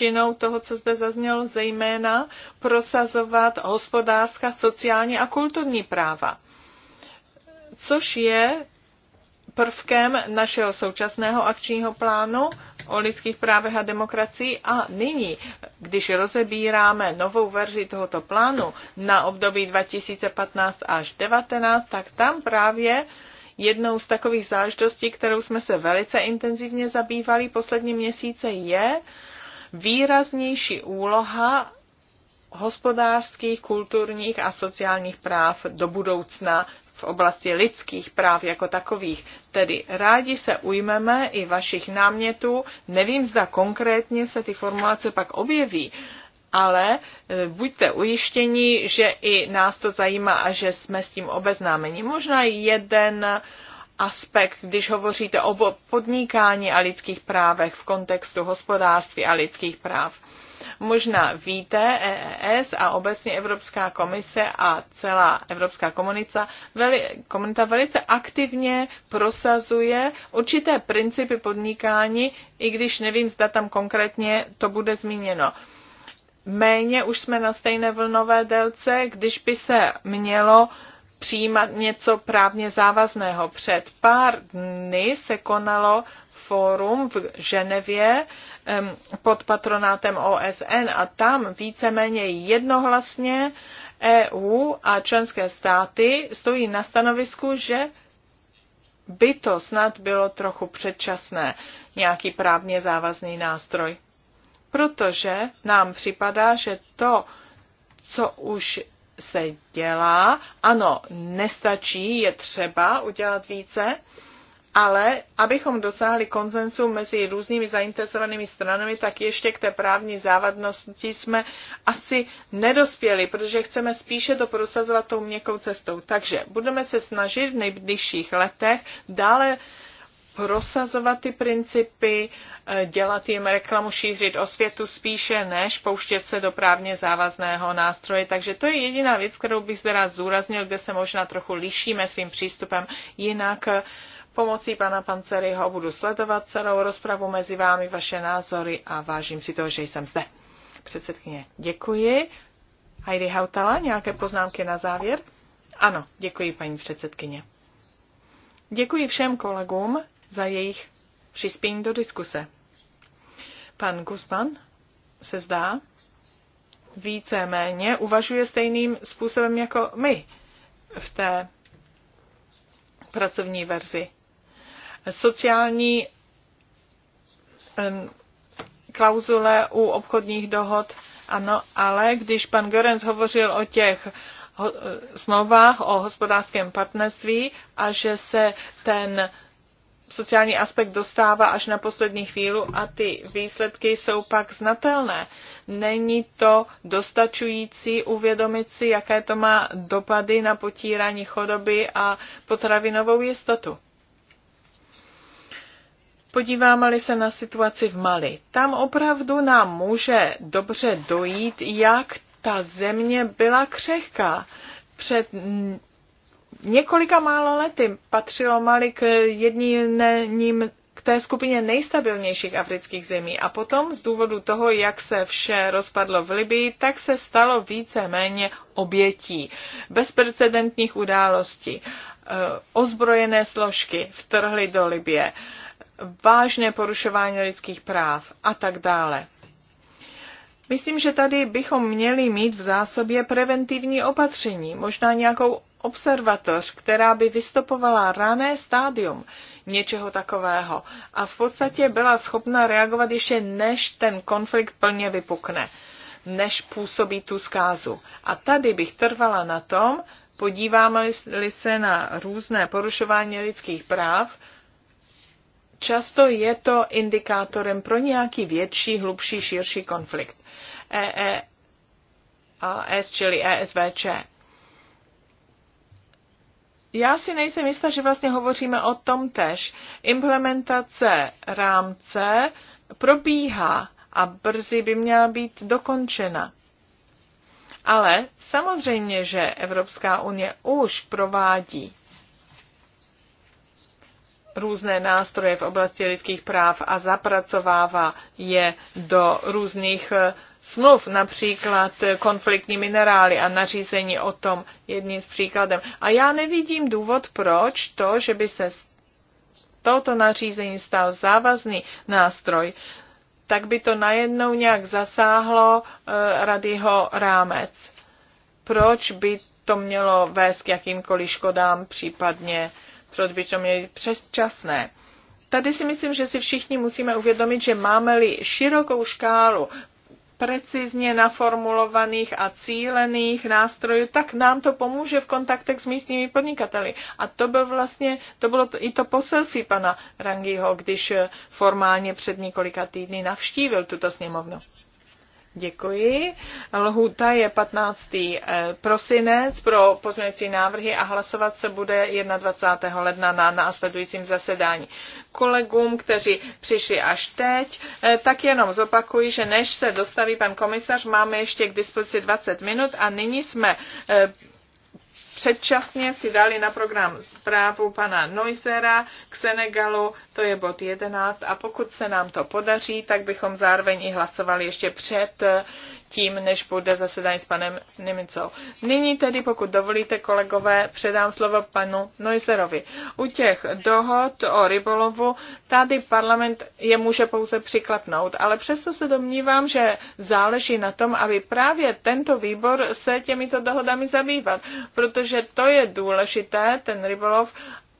většinou toho, co zde zaznělo, zejména prosazovat hospodářská, sociální a kulturní práva, což je prvkem našeho současného akčního plánu o lidských právech a demokracii a nyní, když rozebíráme novou verzi tohoto plánu na období 2015 až 2019, tak tam právě jednou z takových záležitostí, kterou jsme se velice intenzivně zabývali poslední měsíce, je výraznější úloha hospodářských, kulturních a sociálních práv do budoucna v oblasti lidských práv jako takových. Tedy rádi se ujmeme i vašich námětů. Nevím, zda konkrétně se ty formulace pak objeví, ale e, buďte ujištěni, že i nás to zajímá a že jsme s tím obeznámeni. Možná jeden aspekt, když hovoříte o podnikání a lidských právech v kontextu hospodářství a lidských práv. Možná víte, EES a obecně Evropská komise a celá Evropská komunica, veli, komunita velice aktivně prosazuje určité principy podnikání, i když nevím, zda tam konkrétně to bude zmíněno. Méně už jsme na stejné vlnové délce, když by se mělo uh, přijímat něco právně závazného. Před pár dny se konalo fórum v Ženevě pod patronátem OSN a tam víceméně jednohlasně EU a členské státy stojí na stanovisku, že by to snad bylo trochu předčasné, nějaký právně závazný nástroj. Protože nám připadá, že to, co už se dělá. Ano, nestačí, je třeba udělat více, ale abychom dosáhli konsensu mezi různými zainteresovanými stranami, tak ještě k té právní závadnosti jsme asi nedospěli, protože chceme spíše to prosazovat tou měkkou cestou. Takže budeme se snažit v nejbližších letech dále prosazovat ty principy, eh, dělat jim reklamu, šířit o světu spíše, než pouštět se do právně závazného nástroje. Takže to je jediná věc, kterou bych zde rád zúraznil, kde se možná trochu lišíme svým přístupem. Jinak eh, pomocí pana Panceryho budu sledovat celou rozpravu mezi vámi, vaše názory a vážím si toho, že jsem zde. Předsedkyně, děkuji. Heidi Hautala, nějaké poznámky na závěr? Ano, děkuji paní předsedkyně. Děkuji všem kolegům za jejich přispění do diskuse. Pan Guzman se zdá víceméně uvažuje stejným způsobem jako my v té pracovní verzi. Sociální um, klauzule u obchodních dohod, ano, ale když pan Görens hovořil o těch e, smlouvách o hospodářském partnerství a že se ten sociální aspekt dostává až na poslední chvíli a ty výsledky jsou pak znatelné. Není to dostačující uvědomit si, jaké to má dopady na potírání chodoby a potravinovou jistotu. Podíváme-li se na situaci v Mali, tam opravdu nám může dobře dojít, jak ta země byla křehká. Před několika málo lety patřilo Mali k jedním k té skupině nejstabilnějších afrických zemí a potom z důvodu toho, jak se vše rozpadlo v Libii, tak se stalo více-méně obětí bezprecedentních událostí. E, ozbrojené složky vtrhly do Libie, vážné porušování lidských práv a tak dále. Myslím, že tady bychom měli mít v zásobě preventivní opatření, možná nějakou observatoř, která by vystopovala rané stádium něčeho takového a v podstatě byla schopna reagovat ještě než ten konflikt plně vypukne, než působí tu zkázu. A tady bych trvala na tom, podíváme-li se na různé porušování lidských práv, často je to indikátorem pro nějaký větší, hlubší, širší konflikt. EES, čili ESVČ. Já si nejsem jistá, že vlastně hovoříme o tom tež. Implementace rámce probíhá a brzy by měla být dokončena. Ale samozřejmě, že Evropská unie už provádí různé nástroje v oblasti lidských práv a zapracovává je do různých smluv, například konfliktní minerály a nařízení o tom jedním z příkladem. A já nevidím důvod, proč to, že by se toto nařízení stal závazný nástroj, tak by to najednou nějak zasáhlo uh, radyho rámec. Proč by to mělo vést k jakýmkoliv škodám, případně proč by to měli přesčasné. Tady si myslím, že si všichni musíme uvědomit, že máme-li širokou škálu precizně naformulovaných a cílených nástrojů, tak nám to pomůže v kontaktech s místními podnikateli. A to byl vlastně, to bylo to, i to poselství pana Rangiho, když formálně před několika týdny navštívil tuto sněmovnu. Děkuji. Lhůta je 15. Eh, prosinec pro pozměňující návrhy a hlasovat se bude 21. ledna na následujícím zasedání. Kolegům, kteří přišli až teď, eh, tak jenom zopakuji, že než se dostaví pan komisař, máme ještě k dispozici 20 minut a nyní jsme eh, předčasně si dali na program zprávu pana Noisera k Senegalu, to je bod 11 a pokud se nám to podaří, tak bychom zároveň i hlasovali ještě před tím, než bude zasedání s panem Nimicou. Nyní tedy, pokud dovolíte, kolegové, předám slovo panu Noiserovi. U těch dohod o rybolovu tady parlament je může pouze přiklepnout, ale přesto se domnívám, že záleží na tom, aby právě tento výbor se těmito dohodami zabýval, protože to je důležité, ten rybolov,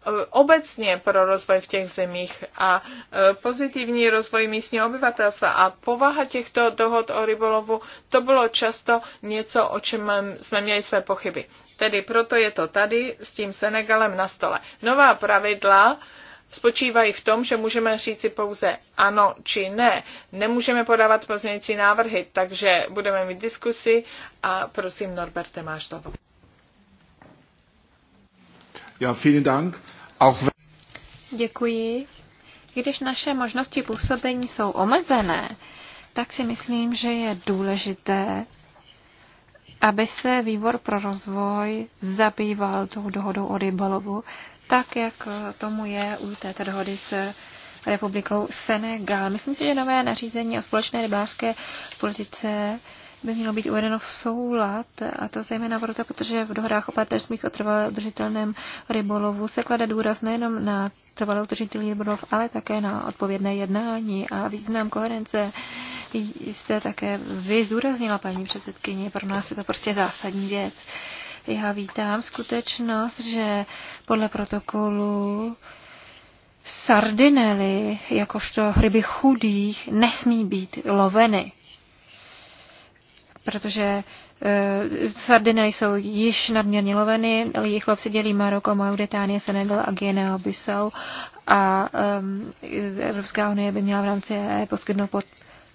Eh, obecně pro rozvoj v těch zemích a eh, pozitivní rozvoj místního obyvatelstva a povaha těchto dohod o rybolovu, to bylo často něco, o čem jsme měli své pochyby. Tedy proto je to tady s tím Senegalem na stole. Nová pravidla spočívají v tom, že můžeme říci pouze ano či ne. Nemůžeme podávat pozměňující návrhy, takže budeme mít diskusi a prosím Norberte, máš slovo. Ja, vielen Dank. Děkuji. Když naše možnosti působení jsou omezené, tak si myslím, že je důležité, aby se výbor pro rozvoj zabýval tou dohodou o rybolovu, tak jak tomu je u této dohody s republikou Senegal. Myslím si, že nové nařízení o společné rybářské politice by mělo být uvedeno v soulad, a to zejména proto, protože v dohodách o partnerství o trvalé udržitelném rybolovu se klade důraz nejenom na trvalé udržitelný rybolov, ale také na odpovědné jednání a význam koherence jste také vy zdůraznila, paní předsedkyně, pro nás je to prostě zásadní věc. Já vítám skutečnost, že podle protokolu sardinely, jakožto ryby chudých, nesmí být loveny protože e, sardiny nejsou již nadměrně loveny, jejich lov si dělí Maroko, Mauritánie, Senegal a Guinea-Bissau a e, Evropská unie by měla v rámci EE e poskytnout pod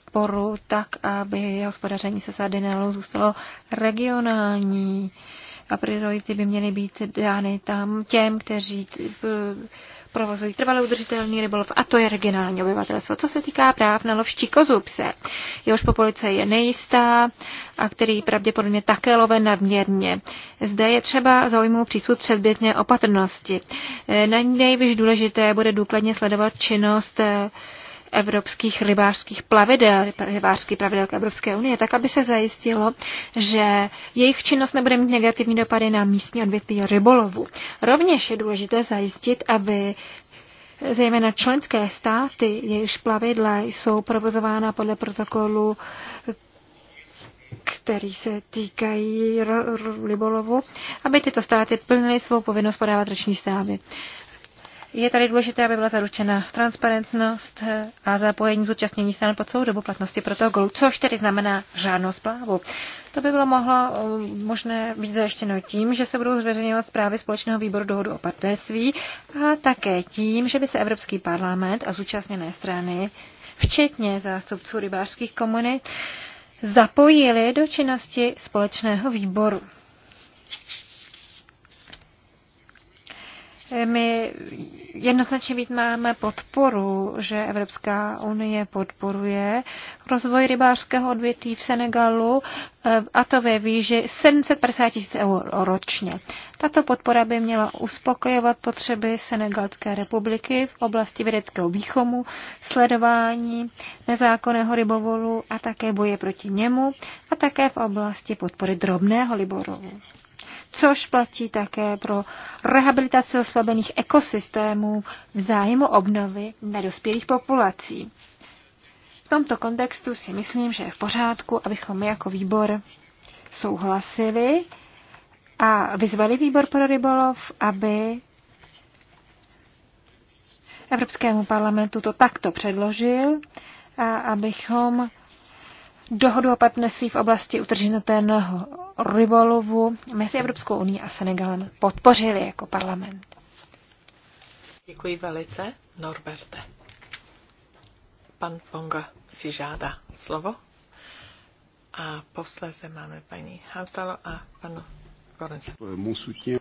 podporu tak, aby hospodaření se sardinelou zůstalo regionální a priority by měly být dány tam těm, kteří e, provozují trvalou udržitelný rybolov a to je regionální obyvatelstvo. Co se týká práv na kozu pse, jehož populace je nejistá a který pravděpodobně také love nadměrně. Zde je třeba zaujmout přístup předbětně opatrnosti. E, na důležité bude důkladně sledovat činnost e, evropských rybářských plavidel, rybářských plavidel Evropské unie, tak aby se zajistilo, že jejich činnost nebude mít negativní dopady na místní odvětví rybolovu. Rovněž je důležité zajistit, aby zejména členské státy, jejichž plavidla jsou provozována podle protokolu který se týkají rybolovu, aby tyto státy plnily svou povinnost podávat roční stávy. Je tady důležité, aby byla zaručena transparentnost a zapojení zúčastnění stran po celou dobu platnosti protokolu, což tedy znamená žádnou zprávu. To by bylo mohlo um, možné být zajištěno tím, že se budou zveřejňovat zprávy Společného výboru dohodu o partnerství a také tím, že by se Evropský parlament a zúčastněné strany, včetně zástupců rybářských komunit, zapojili do činnosti společného výboru. My jednoznačně být máme podporu, že Evropská unie podporuje rozvoj rybářského odvětví v Senegalu eh, a to ve výži 750 tisíc eur ročně. Tato podpora by měla uspokojovat potřeby Senegalské republiky v oblasti vědeckého výchomu, sledování nezákonného rybovolu a také boje proti němu a také v oblasti podpory drobného rybolovu což platí také pro rehabilitaci oslabených ekosystémů v zájmu obnovy nedospělých populací. V tomto kontextu si myslím, že je v pořádku, abychom my jako výbor souhlasili a vyzvali výbor pro rybolov, aby Evropskému parlamentu to takto předložil a abychom dohodu o partnerství v oblasti utrženotého rybolovu mezi Evropskou unii a Senegalem podpořili jako parlament. Děkuji velice, Norberte. Pan Ponga si žádá slovo. A posléze máme paní Hautalo a panu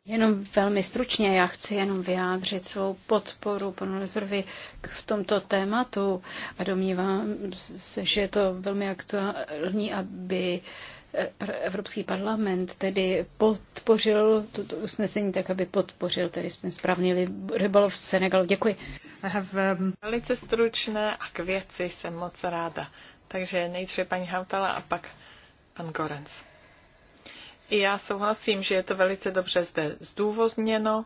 Jenom velmi stručně, já chci jenom vyjádřit svou podporu panu Lezorovi v tomto tématu a domnívám se, že je to velmi aktuální, aby eh, Evropský parlament tedy podpořil toto usnesení tak, aby podpořil tedy jsme správný rybolov v Senegalu. Děkuji. Um, velice stručné a k věci jsem moc ráda. Takže nejdříve paní Hautala a pak pan Gorenc. Já souhlasím, že je to velice dobře zde zdůvodněno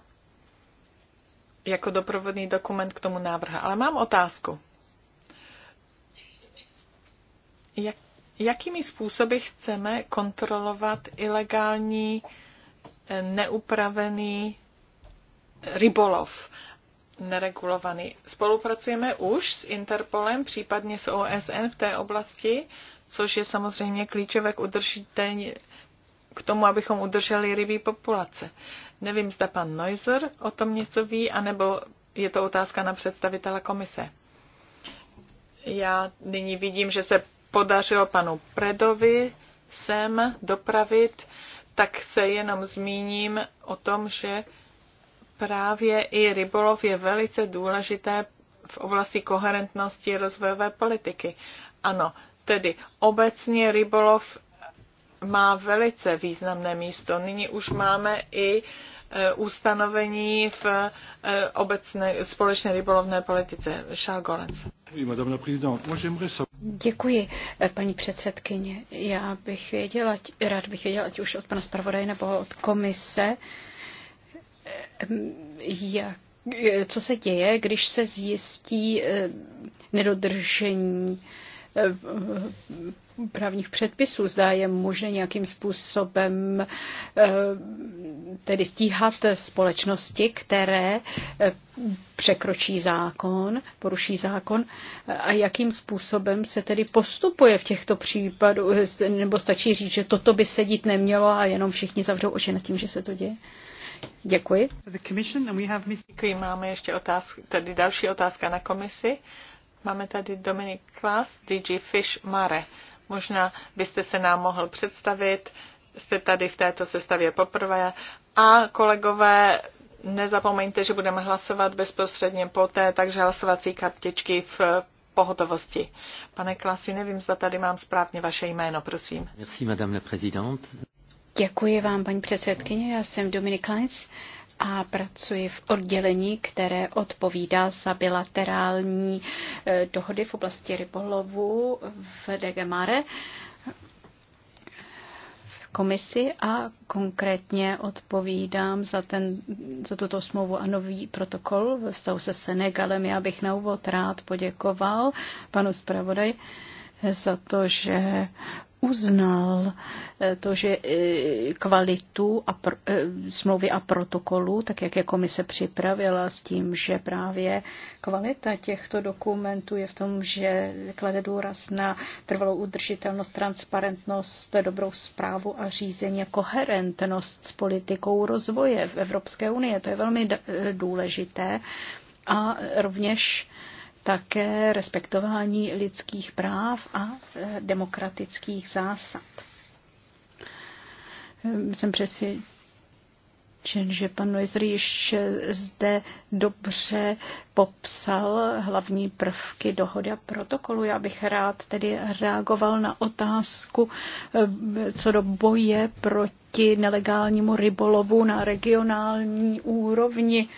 jako doprovodný dokument k tomu návrhu. Ale mám otázku. Jak, jakými způsoby chceme kontrolovat ilegální, eh, neupravený rybolov, neregulovaný? Spolupracujeme už s Interpolem, případně s OSN v té oblasti, což je samozřejmě klíčové k udržitelnosti k tomu, abychom udrželi rybí populace. Nevím, zda pan Neuser o tom něco ví, anebo je to otázka na představitele komise. Já nyní vidím, že se podařilo panu Predovi sem dopravit, tak se jenom zmíním o tom, že právě i rybolov je velice důležité v oblasti koherentnosti rozvojové politiky. Ano, tedy obecně rybolov má velice významné místo. Nyní už máme i e, ustanovení v e, obecné společné rybolovné politice. Charles Gorens. Děkuji, e, paní předsedkyně. Já bych věděla, rád bych věděla, ať už od pana zpravodaje nebo od komise, jak co se děje, když se zjistí nedodržení právních předpisů. Zdá je možné nějakým způsobem eh, tedy stíhat společnosti, které eh, překročí zákon, poruší zákon a jakým způsobem se tedy postupuje v těchto případů, nebo stačí říct, že toto by se dít nemělo a jenom všichni zavřou oči nad tím, že se to děje? Děkuji. Děkuji. Máme ještě otázky, tady další otázka na komisi Máme tady Dominik Klas, DG Fish Mare. Možná byste se nám mohl představit, jste tady v této sestavě poprvé. A kolegové, nezapomeňte, že budeme hlasovat bezprostředně poté, takže hlasovací kartičky v pohotovosti. Pane Klasi, nevím, zda tady mám správně vaše jméno, prosím. Merci, madame la Děkuji vám, paní předsedkyně. Já jsem Dominik Klas a pracuji v oddělení, které odpovídá za bilaterální eh, dohody v oblasti rybolovu v Degemare komisi a konkrétně odpovídám za, ten, za tuto smlouvu a nový protokol ve vztahu se Senegalem. Já bych na úvod rád poděkoval panu zpravodaj za to, že uznal eh, to, že eh, kvalitu a pro, eh, smlouvy a protokolu, tak jak je komise připravila s tím, že právě kvalita těchto dokumentů je v tom, že klade důraz na trvalou udržitelnost, transparentnost, dobrou zprávu a řízení a koherentnost s politikou rozvoje v Evropské unie. To je velmi důležité a rovněž také respektování lidských práv a e, demokratických zásad. E, jsem přesvědčen, že pan Noiser již zde dobře popsal hlavní prvky dohody a protokolu. Já bych rád tedy reagoval na otázku e, co do boje proti nelegálnímu rybolovu na regionální úrovni.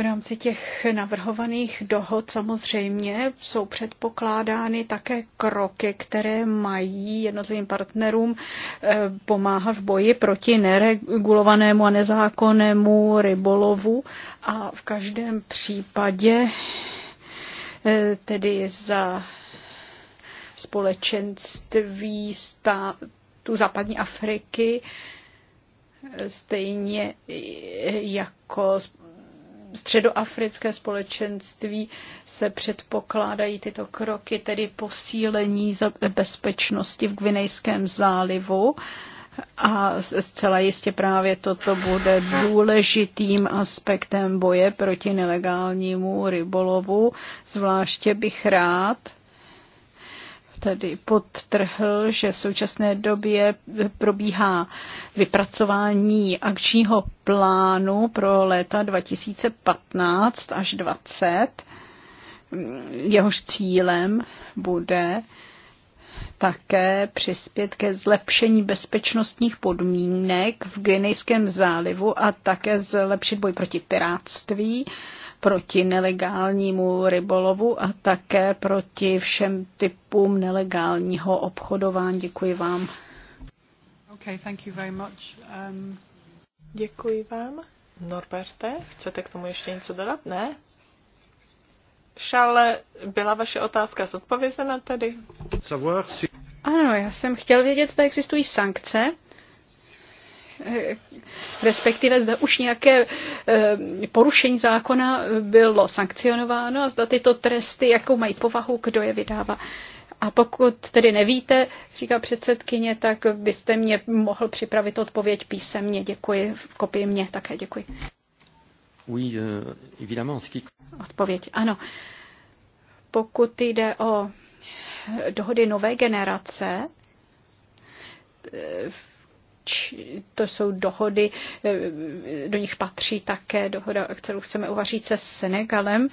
V rámci těch navrhovaných dohod samozřejmě jsou předpokládány také kroky, které mají jednotlivým partnerům eh, pomáhat v boji proti neregulovanému a nezákonnému rybolovu a v každém případě eh, tedy za společenství státu západní Afriky, eh, stejně jako středoafrické společenství se předpokládají tyto kroky, tedy posílení bezpečnosti v Gvinejském zálivu. A zcela jistě právě toto bude důležitým aspektem boje proti nelegálnímu rybolovu. Zvláště bych rád tedy podtrhl, že v současné době probíhá vypracování akčního plánu pro léta 2015 až 2020. Jehož cílem bude také přispět ke zlepšení bezpečnostních podmínek v Genejském zálivu a také zlepšit boj proti piráctví proti nelegálnímu rybolovu a také proti všem typům nelegálního obchodování. Děkuji vám. Okay, thank you very much. Um... Děkuji vám. Norberte, chcete k tomu ještě něco dodat? Ne? Šále, byla vaše otázka zodpovězena tedy? Ano, já jsem chtěl vědět, zda existují sankce Eh, respektive zda už nějaké eh, porušení zákona bylo sankcionováno a zda tyto tresty, jakou mají povahu, kdo je vydává. A pokud tedy nevíte, říká předsedkyně, tak byste mě mohl připravit odpověď písemně. Děkuji. V kopii mě také děkuji. Eh, odpověď, ano. Pokud jde o dohody nové generace, to jsou dohody, eh, do nich patří také dohoda, kterou chceme uvařit se Senegalem,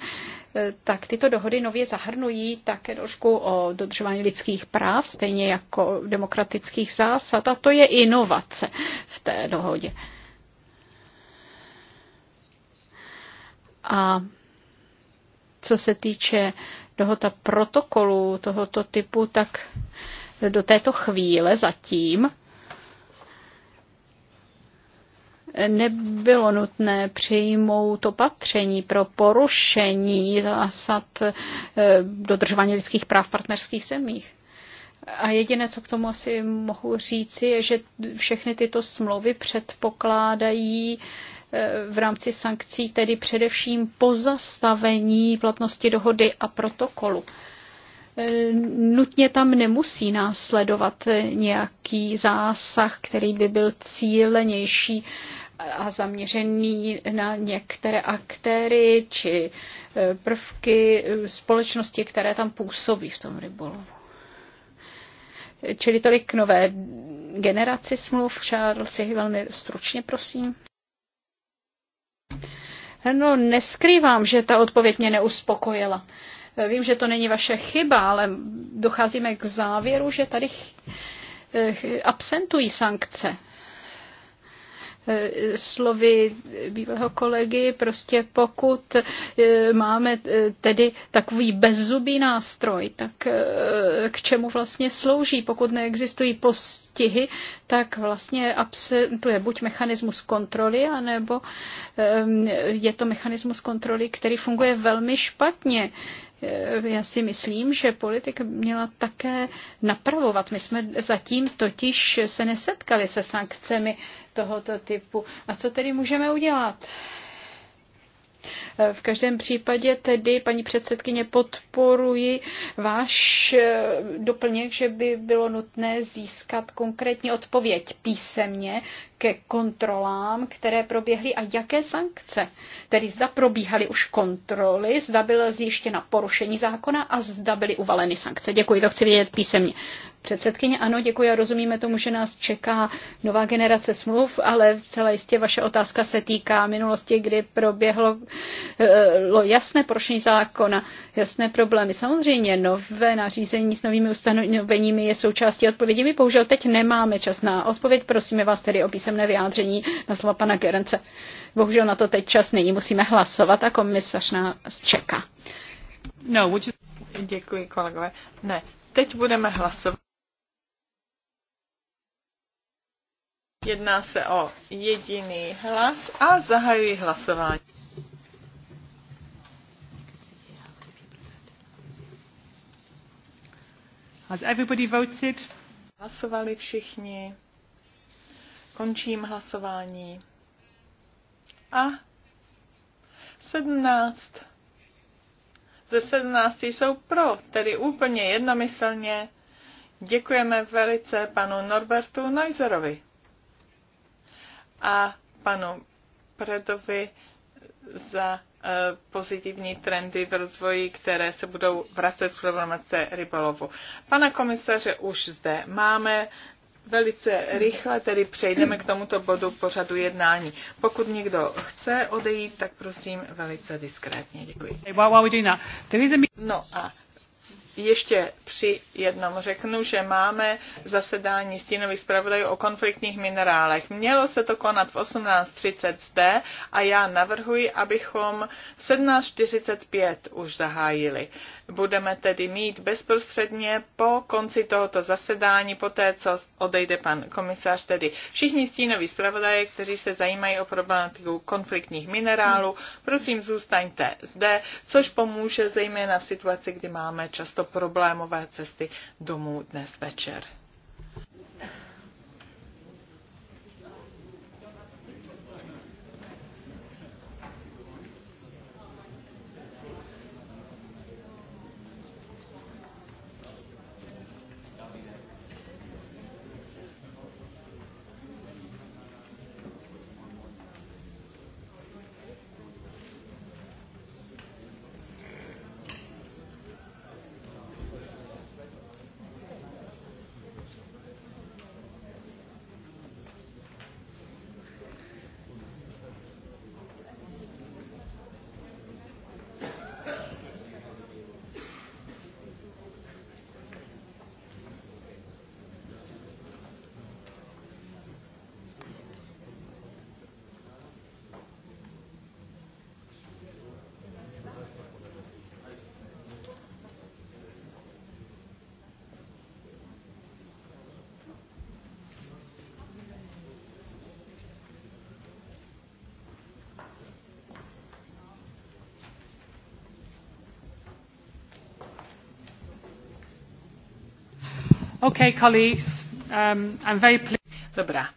eh, tak tyto dohody nově zahrnují také trošku o dodržování lidských práv, stejně jako demokratických zásad, a to je inovace v té dohodě. A co se týče dohoda protokolu tohoto typu, tak do této chvíle zatím nebylo nutné přijmout opatření pro porušení zásad eh, dodržování lidských práv v partnerských zemích. A jediné, co k tomu asi mohu říci, je, že všechny tyto smlouvy předpokládají eh, v rámci sankcí tedy především pozastavení platnosti dohody a protokolu. Eh, nutně tam nemusí následovat nějaký zásah, který by byl cílenější a zaměřený na některé aktéry či eh, prvky eh, společnosti, které tam působí v tom rybolovu. Čili tolik k nové generaci smluv. Charlesi, velmi stručně, prosím. No, neskrývám, že ta odpověď mě neuspokojila. Vím, že to není vaše chyba, ale docházíme k závěru, že tady absentují sankce eh, slovy bývalého kolegy, prostě pokud eh, máme eh, tedy takový bezzubý nástroj, tak k čemu vlastně slouží? Pokud neexistují postihy, tak vlastně absentuje buď mechanismus kontroly, anebo ehm, je to mechanismus kontroly, který funguje velmi špatně. Eh, já si myslím, že politika měla také napravovat. My jsme zatím totiž se nesetkali se sankcemi tohoto typu. A co tedy můžeme udělat? V každém případě tedy, paní předsedkyně, podporuji váš eh, doplněk, že by bylo nutné získat konkrétní odpověď písemně ke kontrolám, které proběhly a jaké sankce. Tedy zda probíhaly už kontroly, zda byla zjištěna porušení zákona a zda byly uvaleny sankce. Děkuji, to chci vědět písemně. Předsedkyně, ano, děkuji a rozumíme tomu, že nás čeká nová generace smluv, ale celé jistě vaše otázka se týká minulosti, kdy proběhlo eh, jasné porušení zákona, jasné problémy. Samozřejmě nové nařízení s novými ustanoveními je součástí odpovědi. My bohužel teď nemáme čas na odpověď, prosíme vás tedy o písemné vyjádření na slova pana Gerence. Bohužel na to teď čas není, musíme hlasovat a komisař nás čeká. No, would you... Děkuji, kolegové. Ne, teď budeme hlasovat. Jedná se o jediný hlas a zahajuji hlasování. Has everybody voted? Hlasovali všichni. Končím hlasování. A 17. Ze 17 jsou pro, tedy úplně jednomyslně. Děkujeme velice panu Norbertu Neuserovi a panu Predovi za e, pozitivní trendy v rozvoji, které se budou vracet k problematice rybolovu. Pana komisaře už zde máme. Velice rychle tedy přejdeme k tomuto bodu pořadu jednání. Pokud někdo chce odejít, tak prosím velice diskrétně. Děkuji. No a ještě při jednom řeknu, že máme zasedání stínových zpravodajů o konfliktních minerálech. Mělo se to konat v 18.30 zde a já navrhuji, abychom v 17.45 už zahájili. Budeme tedy mít bezprostředně po konci tohoto zasedání, po té, co odejde pan komisař, tedy všichni stínoví zpravodaje, kteří se zajímají o problematiku konfliktních minerálů, prosím zůstaňte zde, což pomůže zejména v situaci, kdy máme často problémové cesty domů dnes večer. Okay, colleagues, um, I'm very Dobrá.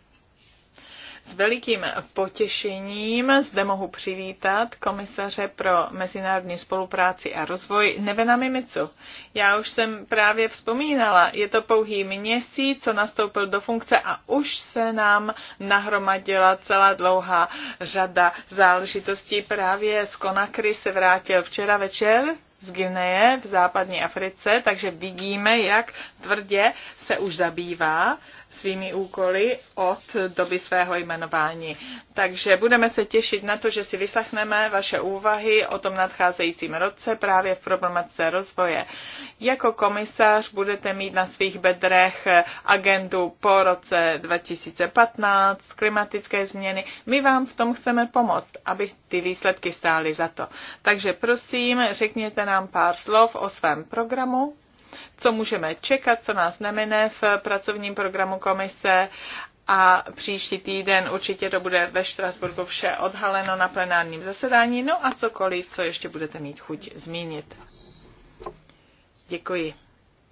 S velikým potěšením zde mohu přivítat komisaře pro mezinárodní spolupráci a rozvoj Nevena Mimicu. Já už jsem právě vzpomínala, je to pouhý měsíc, co nastoupil do funkce a už se nám nahromadila celá dlouhá řada záležitostí. Právě z Konakry se vrátil včera večer, z Gineje v západní Africe, takže vidíme, jak tvrdě se už zabývá svými úkoly od doby svého jmenování. Takže budeme se těšit na to, že si vyslechneme vaše úvahy o tom nadcházejícím roce právě v problematice rozvoje. Jako komisař budete mít na svých bedrech agendu po roce 2015, klimatické změny. My vám v tom chceme pomoct, aby ty výsledky stály za to. Takže prosím, řekněte nám nám pár slov o svém programu, co můžeme čekat, co nás nemine v pracovním programu komise a příští týden určitě to bude ve Štrasburgu vše odhaleno na plenárním zasedání, no a cokoliv, co ještě budete mít chuť zmínit. Děkuji,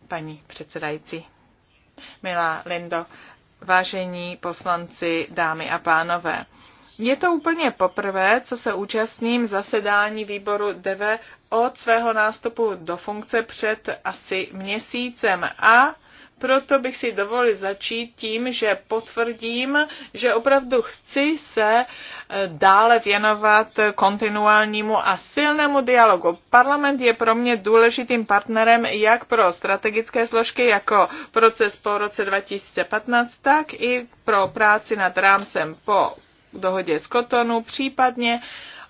paní předsedající. Milá Lindo, vážení poslanci, dámy a pánové, je to úplně poprvé, co se účastním zasedání výboru DV od svého nástupu do funkce před asi měsícem a proto bych si dovolil začít tím, že potvrdím, že opravdu chci se eh, dále věnovat kontinuálnímu a silnému dialogu. Parlament je pro mě důležitým partnerem jak pro strategické složky jako proces po roce 2015, tak i pro práci nad rámcem po dohodě z Kotonu, případně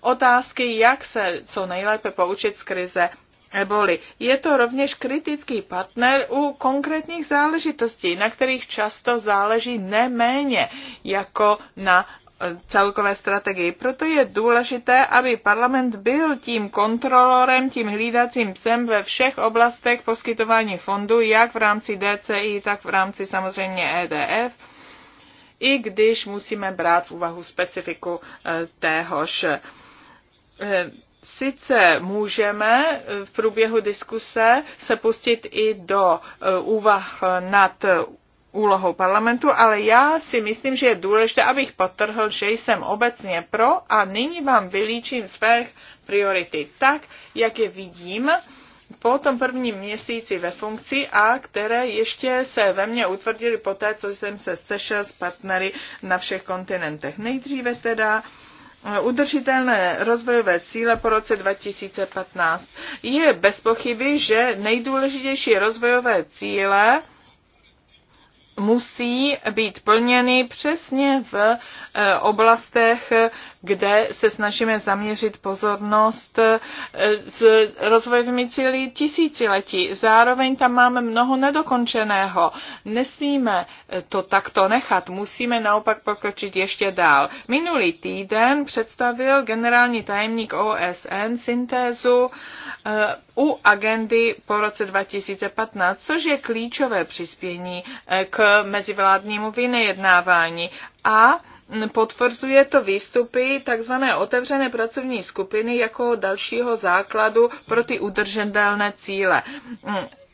otázky, jak se co nejlépe poučit z krize eboli. Je to rovněž kritický partner u konkrétních záležitostí, na kterých často záleží neméně jako na e, celkové strategii. Proto je důležité, aby parlament byl tím kontrolorem, tím hlídacím psem ve všech oblastech poskytování fondu, jak v rámci DCI, tak v rámci samozřejmě EDF i když musíme brát v úvahu specifiku eh, téhož. Eh, sice můžeme eh, v průběhu diskuse se pustit i do úvah nad úlohou parlamentu, ale já si myslím, že je důležité, abych potrhl, že jsem obecně pro a nyní vám vylíčím své priority tak, jak je vidím po tom prvním měsíci ve funkci a které ještě se ve mně utvrdily poté, co jsem se sešel s partnery na všech kontinentech. Nejdříve teda eh, udržitelné rozvojové cíle po roce 2015. Je bez pochyby, že nejdůležitější rozvojové cíle musí být plněny přesně v eh, oblastech, kde se snažíme zaměřit pozornost s e, rozvojovými cíly tisíciletí. Zároveň tam máme mnoho nedokončeného. Nesmíme e, to takto nechat, musíme naopak pokročit ještě dál. Minulý týden představil generální tajemník OSN syntézu e, u agendy po roce 2015, což je klíčové přispění k mezivládnímu vynejednávání. A potvrzuje to výstupy tzv. otevřené pracovní skupiny jako dalšího základu pro ty udržendelné cíle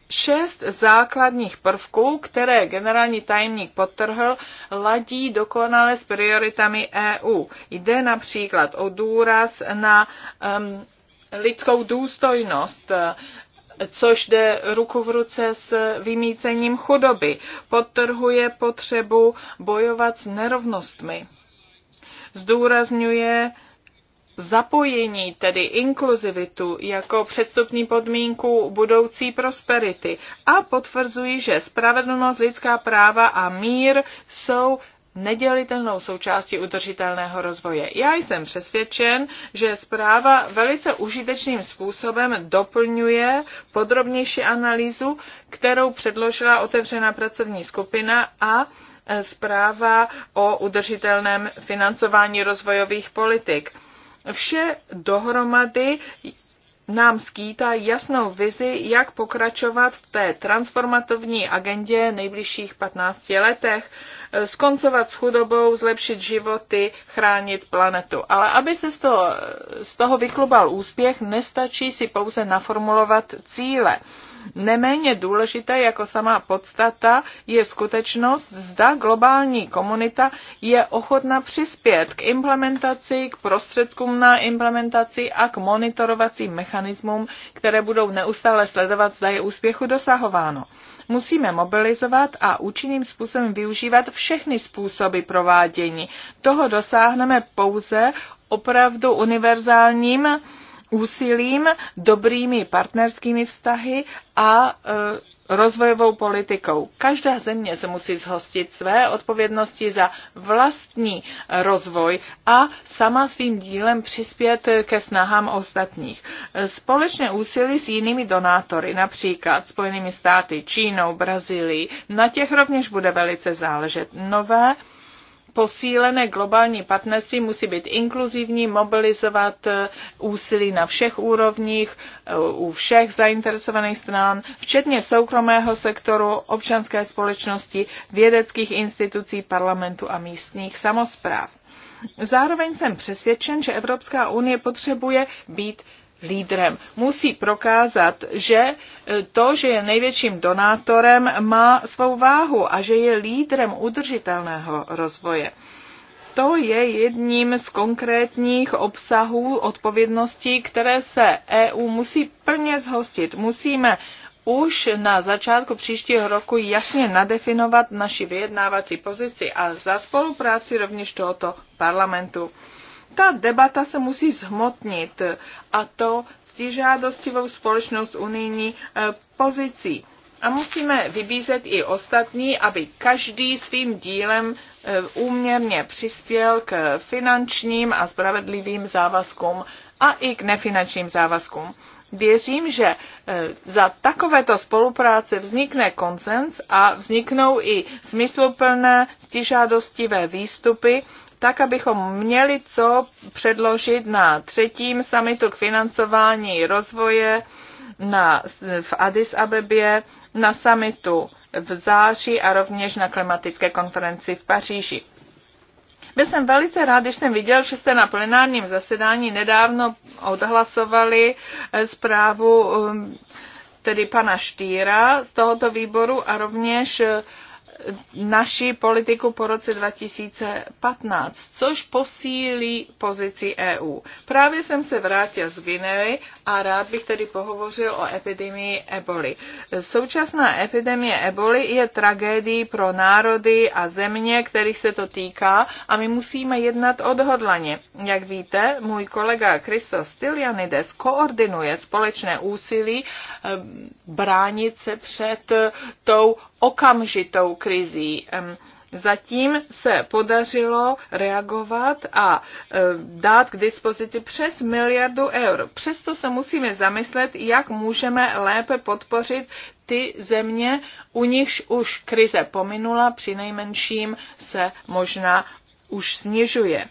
šest základních prvků, které generální tajemník potrhl, ladí dokonale s prioritami EU. Jde například o důraz na um, lidskou důstojnost, což jde ruku v ruce s vymícením chudoby. Podtrhuje potřebu bojovat s nerovnostmi. Zdůrazňuje zapojení, tedy inkluzivitu, jako předstupní podmínku budoucí prosperity a potvrzují, že spravedlnost, lidská práva a mír jsou nedělitelnou součástí udržitelného rozvoje. Já jsem přesvědčen, že zpráva velice užitečným způsobem doplňuje podrobnější analýzu, kterou předložila otevřená pracovní skupina a e, zpráva o udržitelném financování rozvojových politik. Vše dohromady nám skýtá jasnou vizi, jak pokračovat v té transformativní agendě nejbližších 15 letech, eh, skoncovat s chudobou, zlepšit životy, chránit planetu. Ale aby se z toho, z toho vyklubal úspěch, nestačí si pouze naformulovat cíle. Neméně důležité jako sama podstata je skutečnost, zda globální komunita je ochotna přispět k implementaci, k prostředkům na implementaci a k monitorovacím mechanismům, které budou neustále sledovat, zda je úspěchu dosahováno. Musíme mobilizovat a účinným způsobem využívat všechny způsoby provádění. Toho dosáhneme pouze opravdu univerzálním úsilím, dobrými partnerskými vztahy a e, rozvojovou politikou. Každá země se musí zhostit své odpovědnosti za vlastní rozvoj a sama svým dílem přispět ke snahám ostatních. Společné úsilí s jinými donátory, například Spojenými státy, Čínou, Brazílií, na těch rovněž bude velice záležet. Nové posílené globální partnerství musí být inkluzivní, mobilizovat eh, úsilí na všech úrovních, eh, u všech zainteresovaných stran, včetně soukromého sektoru, občanské společnosti, vědeckých institucí, parlamentu a místních samozpráv. Zároveň jsem přesvědčen, že Evropská unie potřebuje být lídrem. Musí prokázat, že e, to, že je největším donátorem, má svou váhu a že je lídrem udržitelného rozvoje. To je jedním z konkrétních obsahů odpovědností, které se EU musí plně zhostit. Musíme už na začátku příštího roku jasně nadefinovat naši vyjednávací pozici a za spolupráci rovněž tohoto parlamentu ta debata se musí zhmotnit a to žádostivou společnost unijní e, pozicí. A musíme vybízet i ostatní, aby každý svým dílem e, úměrně přispěl k finančním a spravedlivým závazkům a i k nefinančním závazkům. Věřím, že e, za takovéto spolupráce vznikne konsens a vzniknou i smysluplné stižádostivé výstupy, tak, abychom měli co předložit na třetím samitu k financování rozvoje na, v Addis Abebě, na samitu v září a rovněž na klimatické konferenci v Paříži. Byl jsem velice rád, když jsem viděl, že jste na plenárním zasedání nedávno odhlasovali eh, zprávu eh, tedy pana Štýra z tohoto výboru a rovněž eh, naši politiku po roce 2015, což posílí pozici EU. Právě jsem se vrátil z Guinea a rád bych tedy pohovořil o epidemii eboli. Současná epidemie eboli je tragédií pro národy a země, kterých se to týká a my musíme jednat odhodlaně. Jak víte, můj kolega Christos Stylianides koordinuje společné úsilí eh, bránit se před tou okamžitou krizí. Zatím se podařilo reagovat a e, dát k dispozici přes miliardu eur. Přesto se musíme zamyslet, jak můžeme lépe podpořit ty země, u nichž už krize pominula, při nejmenším se možná už snižuje.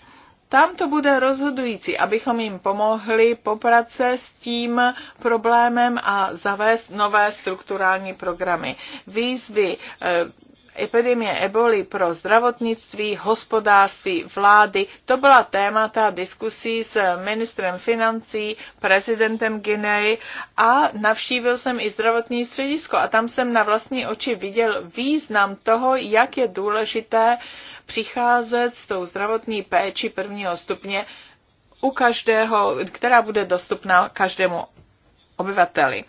Tam to bude rozhodující, abychom jim pomohli poprat se s tím problémem a zavést nové strukturální programy. Výzvy eh, epidemie eboli pro zdravotnictví, hospodářství, vlády. To byla témata diskusí s ministrem financí, prezidentem Guinea a navštívil jsem i zdravotní středisko a tam jsem na vlastní oči viděl význam toho, jak je důležité přicházet s tou zdravotní péči prvního stupně u každého, která bude dostupná každému obyvateli.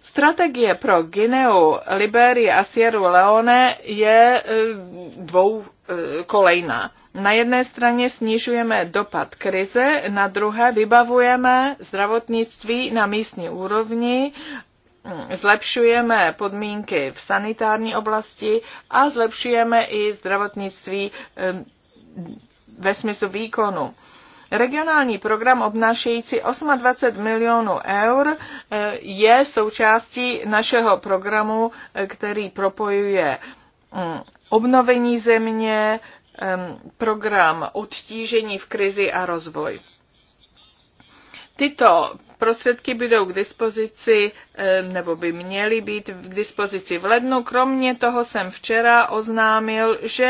Strategie pro Gineu, Liberii a Sierra Leone je e, dvou e, kolejná. Na jedné straně snižujeme dopad krize, na druhé vybavujeme zdravotnictví na místní úrovni zlepšujeme podmínky v sanitární oblasti a zlepšujeme i zdravotnictví eh, ve smyslu výkonu. Regionální program obnášející 28 milionů eur eh, je součástí našeho programu, eh, který propojuje mm, obnovení země, program odtížení v krizi a rozvoj. Tyto Prostředky budou k dispozici, eh, nebo by měly být k dispozici v lednu. Kromě toho jsem včera oznámil, že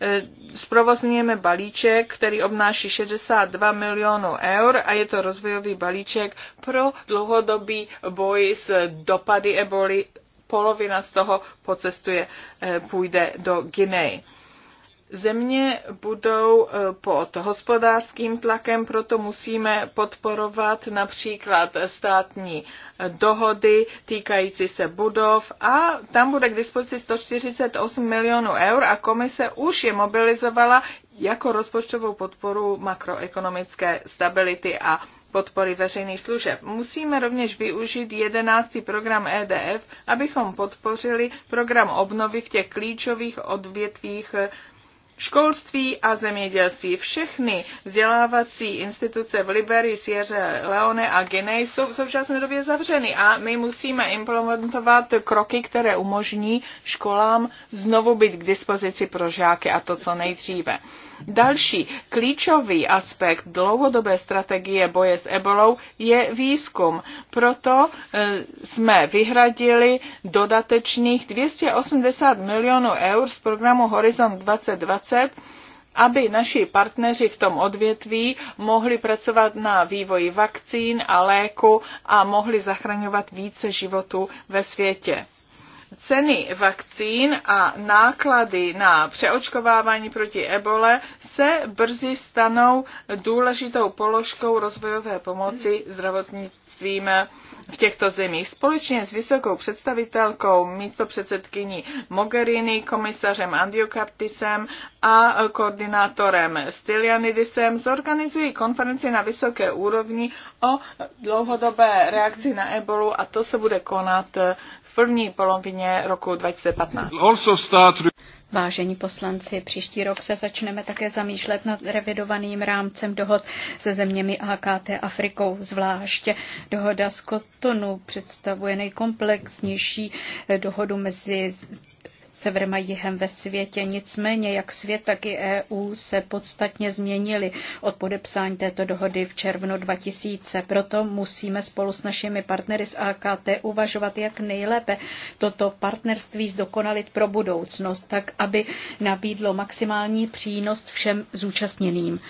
eh, zprovozňujeme balíček, který obnáší 62 milionů eur a je to rozvojový balíček pro dlouhodobý boj s dopady eboli. Polovina z toho pocestuje, eh, půjde do Guinei Země budou eh, pod hospodářským tlakem, proto musíme podporovat například státní eh, dohody týkající se budov a tam bude k dispozici 148 milionů eur a komise už je mobilizovala jako rozpočtovou podporu makroekonomické stability a podpory veřejných služeb. Musíme rovněž využít jedenáctý program EDF, abychom podpořili program obnovy v těch klíčových odvětvích eh, Školství a zemědělství. Všechny vzdělávací instituce v Liberii, Sierra Leone a Guinea jsou v současné době zavřeny a my musíme implementovat kroky, které umožní školám znovu být k dispozici pro žáky a to co nejdříve. Další klíčový aspekt dlouhodobé strategie boje s ebolou je výzkum. Proto eh, jsme vyhradili dodatečných 280 milionů eur z programu Horizon 2020 2020 aby naši partneři v tom odvětví mohli pracovat na vývoji vakcín a léku a mohli zachraňovat více životů ve světě. Ceny vakcín a náklady na přeočkovávání proti ebole se brzy stanou důležitou položkou rozvojové pomoci zdravotní předsednictvím v těchto zemích. Společně s vysokou představitelkou, místopředsedkyní Mogherini, komisařem Andiokartisem a koordinátorem Stylianidisem zorganizují konferenci na vysoké úrovni o dlouhodobé reakci na ebolu a to se bude konat v první polovině roku 2015. Vážení poslanci, příští rok se začneme také zamýšlet nad revidovaným rámcem dohod se zeměmi AKT Afrikou. Zvláště dohoda z Kotonu představuje nejkomplexnější dohodu mezi severem a jihem ve světě. Nicméně jak svět, tak i EU se podstatně změnili od podepsání této dohody v červnu 2000. Proto musíme spolu s našimi partnery z AKT uvažovat, jak nejlépe toto partnerství zdokonalit pro budoucnost, tak aby nabídlo maximální přínos všem zúčastněným.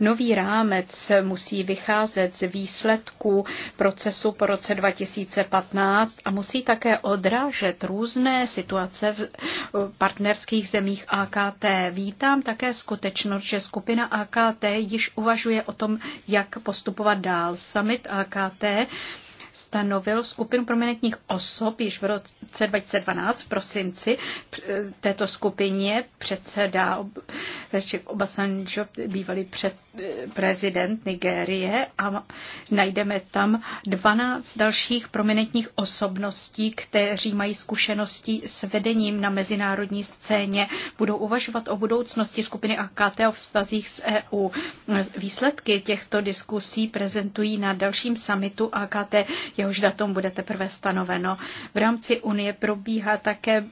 Nový rámec musí vycházet z výsledků procesu po roce 2015 a musí také odrážet různé situace v partnerských zemích AKT. Vítám také skutečnost, že skupina AKT již uvažuje o tom, jak postupovat dál. Summit AKT stanovil skupinu prominentních osob již v roce 2012 v prosinci. E, této skupině předseda Obasanjo, bývalý před, e, prezident Nigérie a najdeme tam 12 dalších prominentních osobností, kteří mají zkušenosti s vedením na mezinárodní scéně. Budou uvažovat o budoucnosti skupiny AKT o vztazích s EU. Výsledky těchto diskusí prezentují na dalším summitu AKT jehož datum bude teprve stanoveno. V rámci Unie probíhá také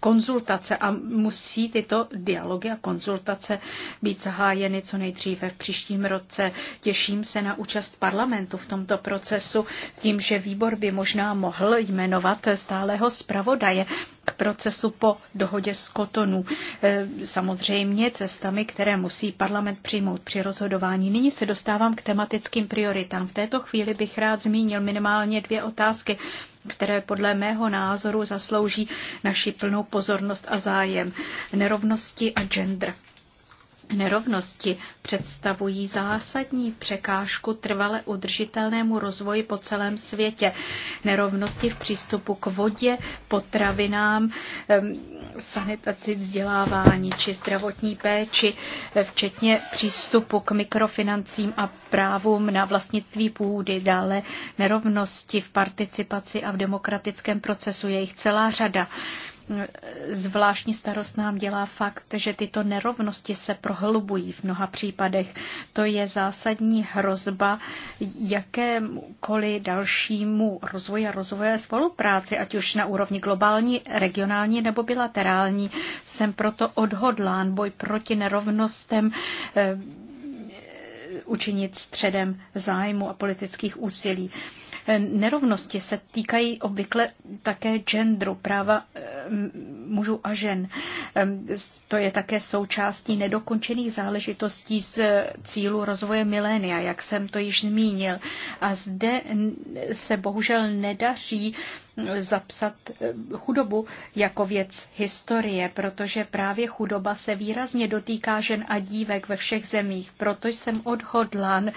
konzultace a musí tyto dialogy a konzultace být zahájeny co nejdříve v příštím roce. Těším se na účast parlamentu v tomto procesu s tím, že výbor by možná mohl jmenovat stálého zpravodaje k procesu po dohodě s Kotonu. E, samozřejmě cestami, které musí parlament přijmout při rozhodování. Nyní se dostávám k tematickým prioritám. V této chvíli bych rád zmínil minimálně dvě otázky které podle mého názoru zaslouží naši plnou pozornost a zájem. Nerovnosti a gender nerovnosti představují zásadní překážku trvale udržitelnému rozvoji po celém světě. Nerovnosti v přístupu k vodě, potravinám, sanitaci, vzdělávání či zdravotní péči, včetně přístupu k mikrofinancím a právům na vlastnictví půdy, dále nerovnosti v participaci a v demokratickém procesu, je jich celá řada. Zvláštní starost nám dělá fakt, že tyto nerovnosti se prohlubují v mnoha případech. To je zásadní hrozba jakémukoliv dalšímu rozvoji a rozvoje spolupráci, ať už na úrovni globální, regionální nebo bilaterální. Jsem proto odhodlán boj proti nerovnostem eh, učinit středem zájmu a politických úsilí. Nerovnosti se týkají obvykle také genderu, práva eh, mužů a žen. Eh, to je také součástí nedokončených záležitostí z eh, cílu rozvoje milénia, jak jsem to již zmínil. A zde se bohužel nedaří zapsat chudobu jako věc historie, protože právě chudoba se výrazně dotýká žen a dívek ve všech zemích. Proto jsem odhodlán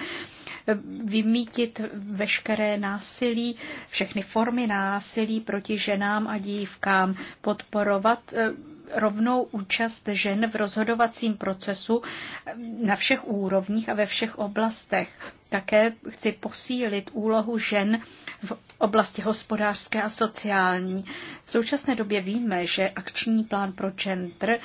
vymítit veškeré násilí, všechny formy násilí proti ženám a dívkám, podporovat eh, rovnou účast žen v rozhodovacím procesu eh, na všech úrovních a ve všech oblastech. Také chci posílit úlohu žen v oblasti hospodářské a sociální. V současné době víme, že akční plán pro gender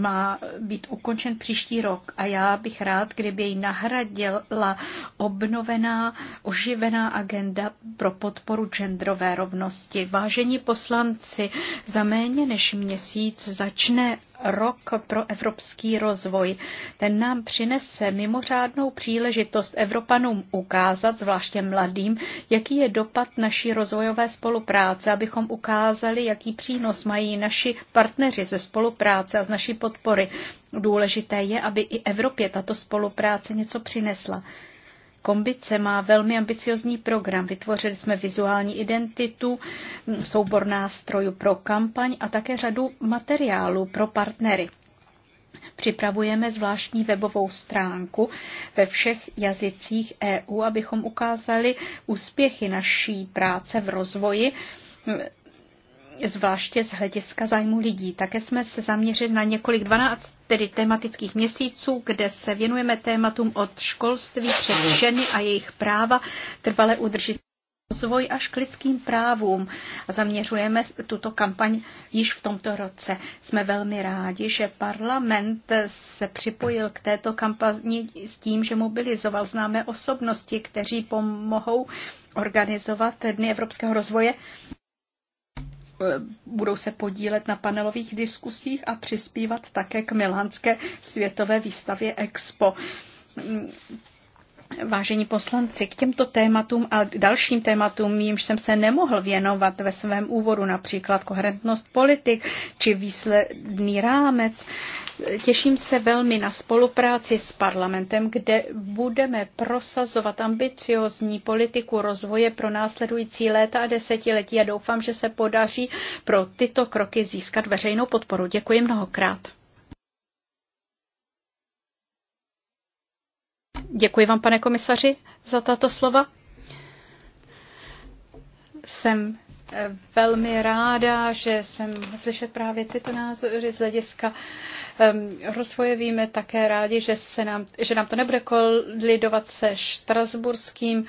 má být ukončen příští rok a já bych rád, kdyby jej nahradila obnovená, oživená agenda pro podporu genderové rovnosti. Vážení poslanci, za méně než měsíc začne rok pro evropský rozvoj. Ten nám přinese mimořádnou příležitost Evropanům ukázat, zvláště mladým, jaký je dopad naší rozvojové spolupráce, abychom ukázali, jaký přínos mají naši partneři ze spolupráce a z naší podpory. Důležité je, aby i Evropě tato spolupráce něco přinesla. Kombice má velmi ambiciozní program. Vytvořili jsme vizuální identitu, soubor nástrojů pro kampaň a také řadu materiálů pro partnery. Připravujeme zvláštní webovou stránku ve všech jazycích EU, abychom ukázali úspěchy naší práce v rozvoji zvláště z hlediska zájmu lidí. Také jsme se zaměřili na několik 12 tedy tematických měsíců, kde se věnujeme tématům od školství přes ženy a jejich práva trvale udržit rozvoj až k lidským právům. A zaměřujeme tuto kampaň již v tomto roce. Jsme velmi rádi, že parlament se připojil k této kampani s tím, že mobilizoval známé osobnosti, kteří pomohou organizovat Dny evropského rozvoje Eh, budou se podílet na panelových diskusích a přispívat také k Milánské světové výstavě Expo vážení poslanci, k těmto tématům a dalším tématům, jimž jsem se nemohl věnovat ve svém úvodu, například koherentnost politik či výsledný rámec, Těším se velmi na spolupráci s parlamentem, kde budeme prosazovat ambiciozní politiku rozvoje pro následující léta a desetiletí a doufám, že se podaří pro tyto kroky získat veřejnou podporu. Děkuji mnohokrát. Děkuji vám, pane komisaři, za tato slova. Jsem eh, velmi ráda, že jsem slyšet právě tyto názory z hlediska ehm, rozvoje. Víme také rádi, že, se nám, že nám to nebude kolidovat se štrasburským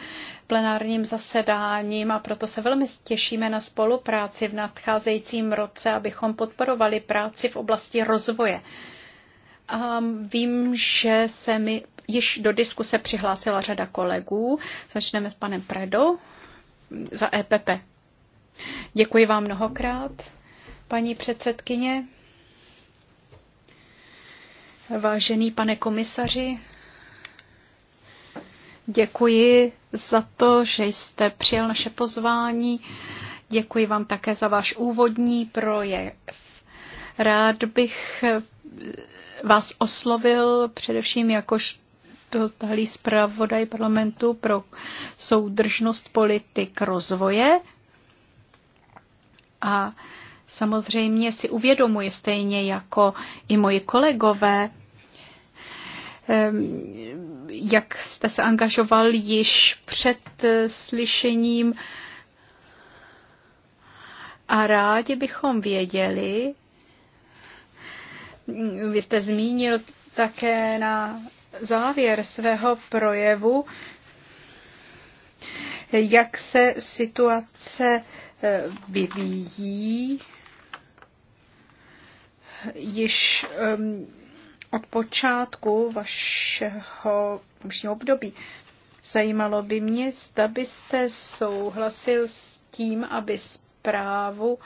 plenárním zasedáním a proto se velmi těšíme na spolupráci v nadcházejícím roce, abychom podporovali práci v oblasti rozvoje. A vím, že se mi Již do diskuse přihlásila řada kolegů. Začneme s panem Predou za EPP. Děkuji vám mnohokrát, paní předsedkyně. Vážený pane komisaři, děkuji za to, že jste přijel naše pozvání. Děkuji vám také za váš úvodní projev. Rád bych vás oslovil především jakož dostalý zpravodaj parlamentu pro soudržnost politik rozvoje. A samozřejmě si uvědomuji stejně jako i moji kolegové, ehm, jak jste se angažoval již před slyšením a rádi bychom věděli, vy jste zmínil také na závěr svého projevu, jak se situace eh, vyvíjí. Již ehm, od počátku vašeho funkčního období zajímalo by mě, zda byste souhlasil s tím, aby zprávu uh,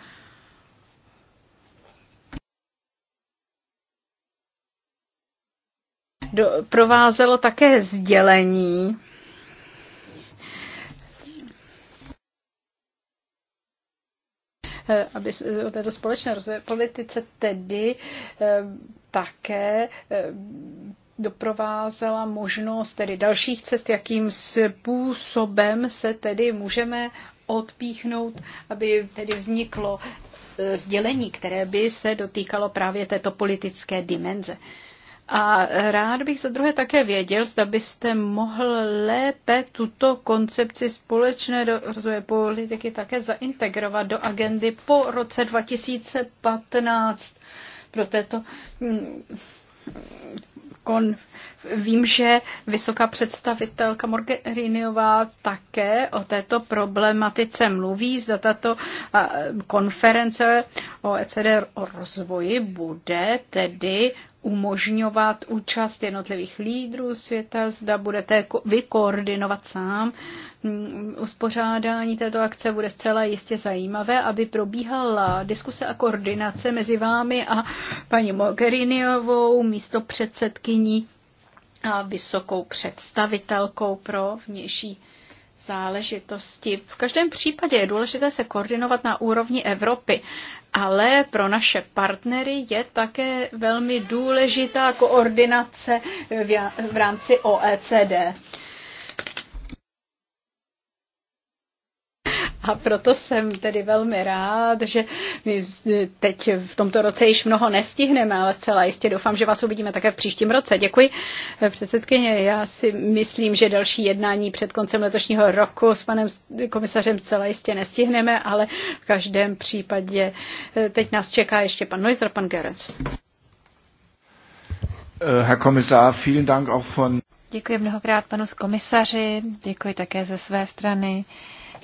do, provázelo také sdělení, eh, aby o této společné rozvoje politice tedy eh, také eh, doprovázela možnost tedy dalších cest, jakým způsobem se tedy můžeme odpíchnout, aby tedy vzniklo sdělení, které by se dotýkalo právě této politické dimenze. A rád bych za druhé také věděl, zda byste mohl lépe tuto koncepci společné rozvoje politiky také zaintegrovat do agendy po roce 2015. Pro této mm, kon... Vím, že vysoká představitelka Morgheriniová také o této problematice mluví. Zda tato konference o ECD o rozvoji bude tedy umožňovat účast jednotlivých lídrů světa, zda budete vy koordinovat sám mm, uspořádání této akce bude zcela jistě zajímavé, aby probíhala diskuse a koordinace mezi vámi a paní Mogheriniovou, místo předsedkyní a vysokou představitelkou pro vnější záležitosti. V každém případě je důležité se koordinovat na úrovni Evropy ale pro naše partnery je také velmi důležitá koordinace v rámci OECD. A proto jsem tedy velmi rád, že my teď v tomto roce již mnoho nestihneme, ale zcela jistě doufám, že vás uvidíme také v příštím roce. Děkuji. Eh, předsedkyně, já si myslím, že další jednání před koncem letošního roku s panem komisařem zcela jistě nestihneme, ale v každém případě eh, teď nás čeká ještě pan Neusser, pan Gerec. Eh, Herr Kommissar, vielen Dank auch von Děkuji mnohokrát panu komisaři, děkuji také ze své strany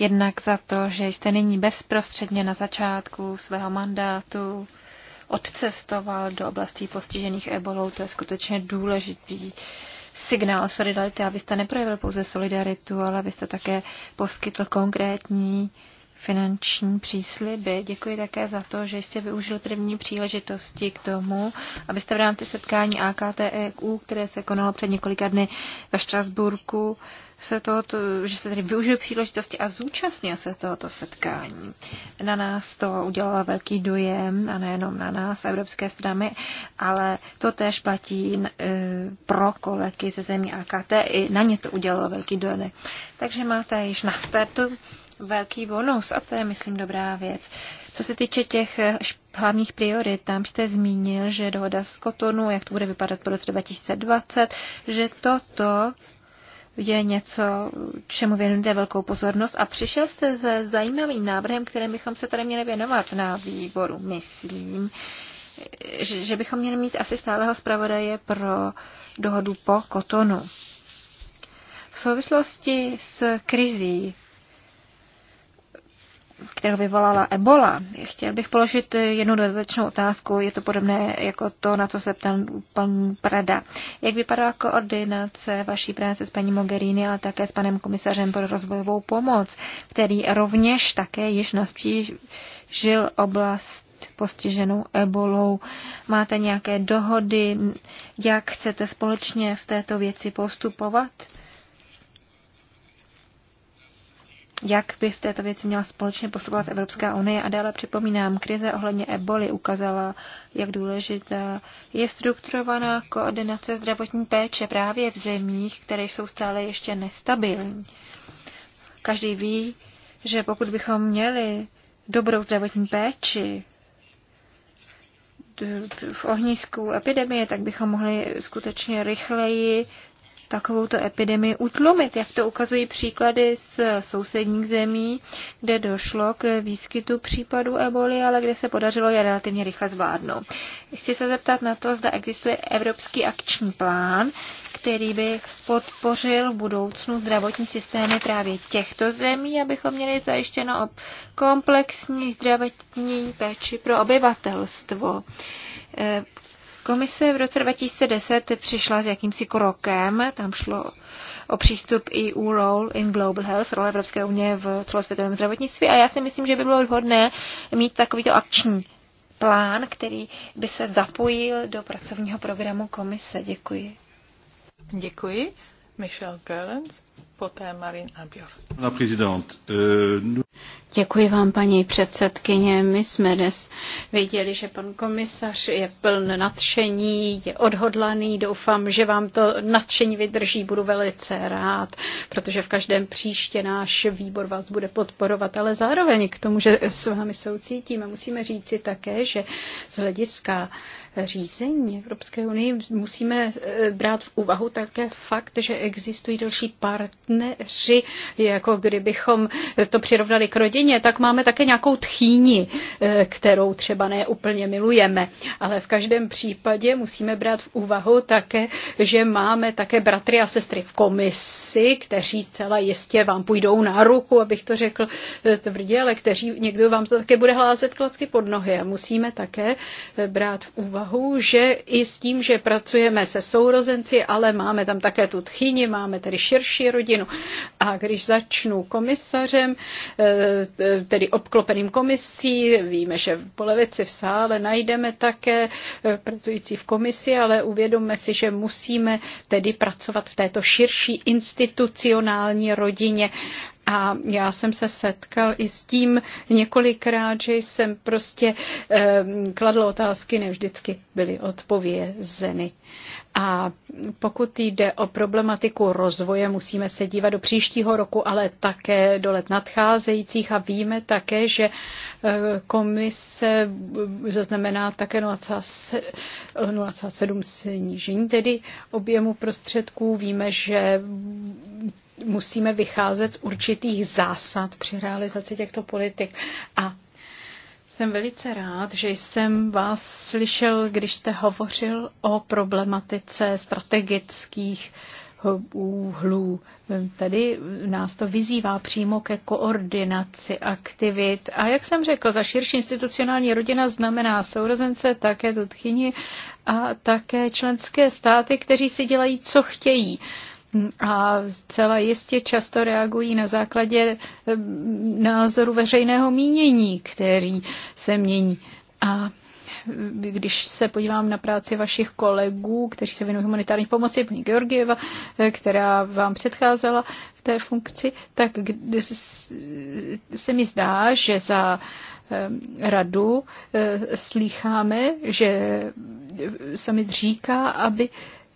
jednak za to, že jste nyní bezprostředně na začátku svého mandátu odcestoval do oblastí postižených ebolou. To je skutečně důležitý signál solidarity. Abyste neprojevil pouze solidaritu, ale abyste také poskytl konkrétní uh, finanční přísliby. Děkuji také za to, že jste využil první příležitosti k tomu, abyste v rámci setkání AKTEU, které se konalo před několika dny ve Štrasburku, se tohoto, že se tedy využil příležitosti a zúčastnil se tohoto setkání. Na nás to udělalo velký dojem, a nejenom na nás, evropské strany, ale to též platí e, pro kolegy ze zemí AKT, e i na ně to udělalo velký dojem. Takže máte již na startu velký bonus a to je, myslím, dobrá věc. Co se týče těch eh, hlavních priorit, tam jste zmínil, že dohoda z Kotonu, jak to bude vypadat po roce 2020, že toto je něco, čemu věnujete velkou pozornost a přišel jste se zajímavým návrhem, kterým bychom se tady měli věnovat na výboru, myslím, že bychom měli mít asi stáleho zpravodaje pro dohodu po Kotonu. V souvislosti s krizí kterou vyvolala ebola. Chtěl bych položit jednu dodatečnou otázku, je to podobné jako to, na co se ptal pan Prada. Jak vypadá koordinace vaší práce s paní Mogherini, ale také s panem komisařem pro rozvojovou pomoc, který rovněž také již žil oblast postiženou ebolou. Máte nějaké dohody, jak chcete společně v této věci postupovat? jak by v této věci měla společně postupovat Evropská unie. A dále připomínám, krize ohledně eboli ukázala, jak důležitá je strukturovaná koordinace zdravotní péče právě v zemích, které jsou stále ještě nestabilní. Každý ví, že pokud bychom měli dobrou zdravotní péči, v ohnisku epidemie, tak bychom mohli skutečně rychleji takovouto epidemii utlumit, jak to ukazují příklady z sousedních zemí, kde došlo k výskytu případů eboli, ale kde se podařilo je relativně rychle zvládnout. Chci se zeptat na to, zda existuje evropský akční plán, který by podpořil v budoucnu zdravotní systémy právě těchto zemí, abychom měli zajištěno komplexní zdravotní péči pro obyvatelstvo eh, Komise v roce 2010 přišla s jakýmsi krokem, tam šlo o přístup EU role in global health, role Evropské unie v celosvětovém zdravotnictví a já si myslím, že by bylo vhodné mít takovýto akční plán, který by se zapojil do pracovního programu komise. Děkuji. Děkuji. Michel Gerlens, poté Marin Abior. Děkuji vám, paní předsedkyně. My jsme dnes viděli, že pan komisař je pln nadšení, je odhodlaný. Doufám, že vám to nadšení vydrží. Budu velice rád, protože v každém příště náš výbor vás bude podporovat, ale zároveň k tomu, že s vámi soucítíme, musíme říci také, že z hlediska řízení Evropské unie musíme eh, brát v úvahu také fakt, že existují další partneři, jako kdybychom to přirovnali vztahovali k rodině, tak máme také nějakou tchýni, eh, kterou třeba neúplně milujeme. Ale v každém případě musíme brát v úvahu také, že máme také bratry a sestry v komisi, kteří celé jistě vám půjdou na ruku, abych to řekl eh, tvrdě, ale kteří někdo vám to také bude hlázet klacky pod nohy. A musíme také eh, brát v úvahu, že i s tím, že pracujeme se sourozenci, ale máme tam také tu tchýni, máme tedy širší rodinu. A když začnu komisařem, Eh, tedy obklopeným komisí. Víme, že v polevici v sále najdeme také eh, pracující v komisi, ale uvědomme si, že musíme tedy pracovat v této širší institucionální rodině. A já jsem se setkal i s tím několikrát, že jsem prostě eh, kladl otázky, ne vždycky byly odpovězeny. A pokud jde o problematiku rozvoje, musíme se dívat do příštího roku, ale také do let nadcházejících a víme také, že eh, komise zaznamená také 0,7 snížení tedy objemu prostředků. Víme, že musíme vycházet z určitých zásad při realizaci těchto politik a jsem velice rád, že jsem vás slyšel, když jste hovořil o problematice strategických úhlů. Tady nás to vyzývá přímo ke koordinaci aktivit. A jak jsem řekl, ta širší institucionální rodina znamená sourozence, také tutchyni a také členské státy, kteří si dělají, co chtějí a zcela jistě často reagují na základě eh, názoru veřejného mínění, který se mění. A eh, když se podívám na práci vašich kolegů, kteří se věnují humanitární pomoci, paní Georgieva, eh, která vám předcházela v té funkci, tak se mi zdá, že za radu slýcháme, že summit říká, aby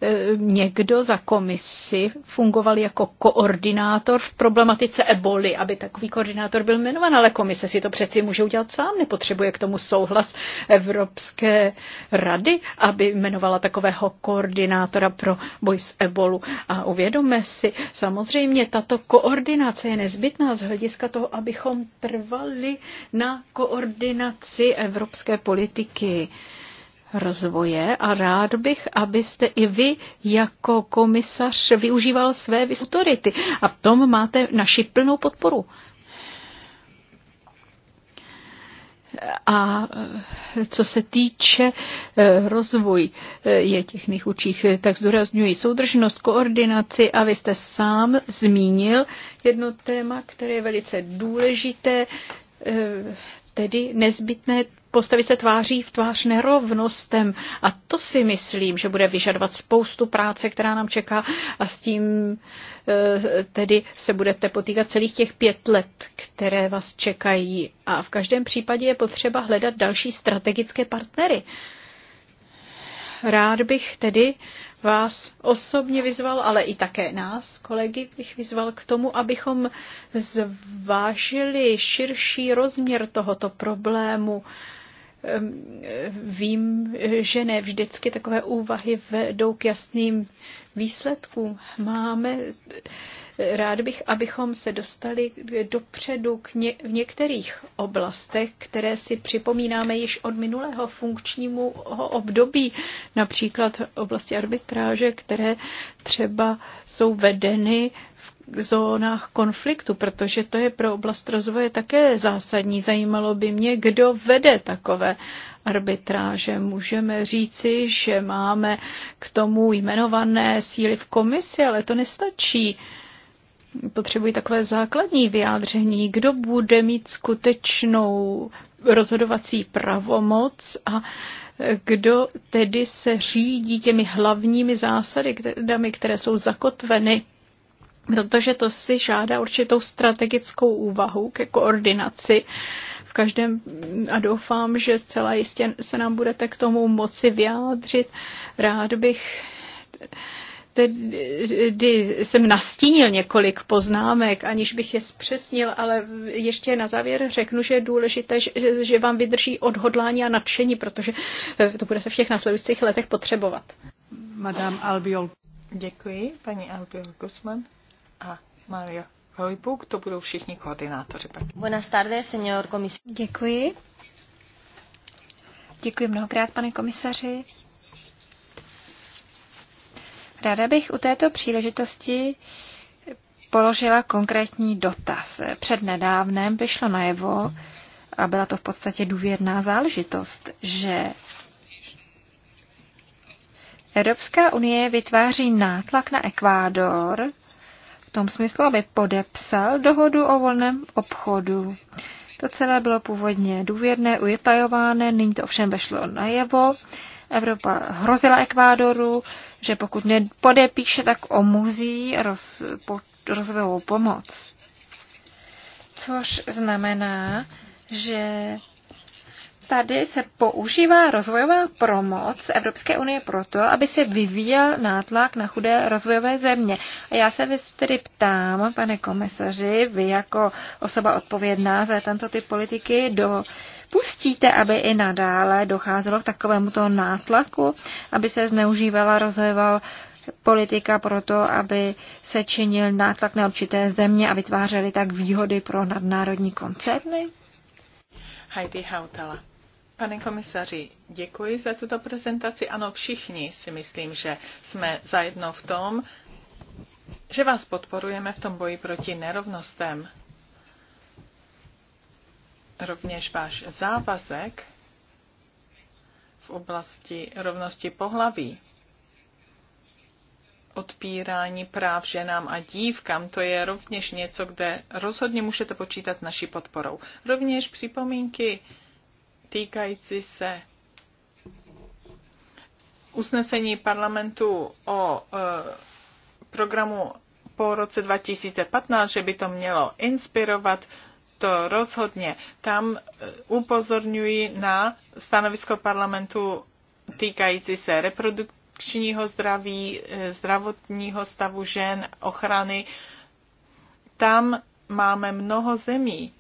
Eh, někdo za komisi fungoval jako koordinátor v problematice eboli, aby takový koordinátor byl jmenován, ale komise si to přeci může udělat sám, nepotřebuje k tomu souhlas Evropské rady, aby jmenovala takového koordinátora pro boj s ebolu. A uvědomme si, samozřejmě tato koordinace je nezbytná z hlediska toho, abychom trvali na koordinaci evropské politiky rozvoje a rád bych, abyste i vy jako komisař využíval své autority a v tom máte naši plnou podporu. A eh, co se týče eh, rozvoj eh, je těch nejchudších, tak zdůrazňuji soudržnost, koordinaci a vy jste sám zmínil jedno téma, které je velice důležité, tedy nezbytné postavit se tváří v tvář nerovnostem. A to si myslím, že bude vyžadovat spoustu práce, která nám čeká a s tím eh, tedy se budete potýkat celých těch pět let, které vás čekají. A v každém případě je potřeba hledat další strategické partnery. Rád bych tedy vás osobně vyzval, ale i také nás, kolegy, bych vyzval k tomu, abychom zvážili širší rozměr tohoto problému Ehm, vím, že ne vždycky takové úvahy vedou k jasným výsledkům. Máme, rád bych, abychom se dostali dopředu k ně, v některých oblastech, které si připomínáme již od minulého funkčnímu období, například oblasti arbitráže, které třeba jsou vedeny zónách konfliktu, protože to je pro oblast rozvoje také zásadní. Zajímalo by mě, kdo vede takové arbitráže. Můžeme říci, že máme k tomu jmenované síly v komisi, ale to nestačí. Potřebují takové základní vyjádření, kdo bude mít skutečnou rozhodovací pravomoc a kdo tedy se řídí těmi hlavními zásady, které jsou zakotveny protože to si žádá určitou strategickou úvahu ke koordinaci. V každém a doufám, že zcela jistě se nám budete k tomu moci vyjádřit. Rád bych tedy jsem nastínil několik poznámek, aniž bych je zpřesnil, ale ještě na závěr řeknu, že je důležité, že, že vám vydrží odhodlání a nadšení, protože to bude v těch následujících letech potřebovat. Madame Albiol. Děkuji, paní Albiol Guzman a Maria Hojbuk, to budou všichni koordinátoři. Buenas tardes, señor komisař. Děkuji. Děkuji mnohokrát, pane komisaři. Ráda bych u této příležitosti položila konkrétní dotaz. Před nedávnem vyšlo najevo, a byla to v podstatě důvěrná záležitost, že Evropská unie vytváří nátlak na Ekvádor, tom smyslu, aby podepsal dohodu o volném obchodu. To celé bylo původně důvěrné, ujetajované, nyní to ovšem vešlo najevo. Evropa hrozila Ekvádoru, že pokud nepodepíše, tak omuzí roz, po, rozvojovou pomoc. Což znamená, že tady se používá rozvojová promoc Evropské unie proto, aby se vyvíjel nátlak na chudé rozvojové země. A já se vás tedy ptám, pane komisaři, vy jako osoba odpovědná za tento typ politiky, do, pustíte, aby i nadále docházelo k takovému toho nátlaku, aby se zneužívala rozvojová politika proto, aby se činil nátlak na určité země a vytvářely tak výhody pro nadnárodní koncerny? Heidi Hautala. Pane komisaři, děkuji za tuto prezentaci. Ano, všichni si myslím, že jsme zajedno v tom, že vás podporujeme v tom boji proti nerovnostem. Rovněž váš závazek v oblasti rovnosti pohlaví, odpírání práv ženám a dívkám, to je rovněž něco, kde rozhodně můžete počítat s naší podporou. Rovněž připomínky týkající se usnesení parlamentu o e, programu po roce 2015, že by to mělo inspirovat, to rozhodně. Tam e, upozorňuji na stanovisko parlamentu týkající se reprodukčního zdraví, e, zdravotního stavu žen, ochrany. Tam máme mnoho zemí,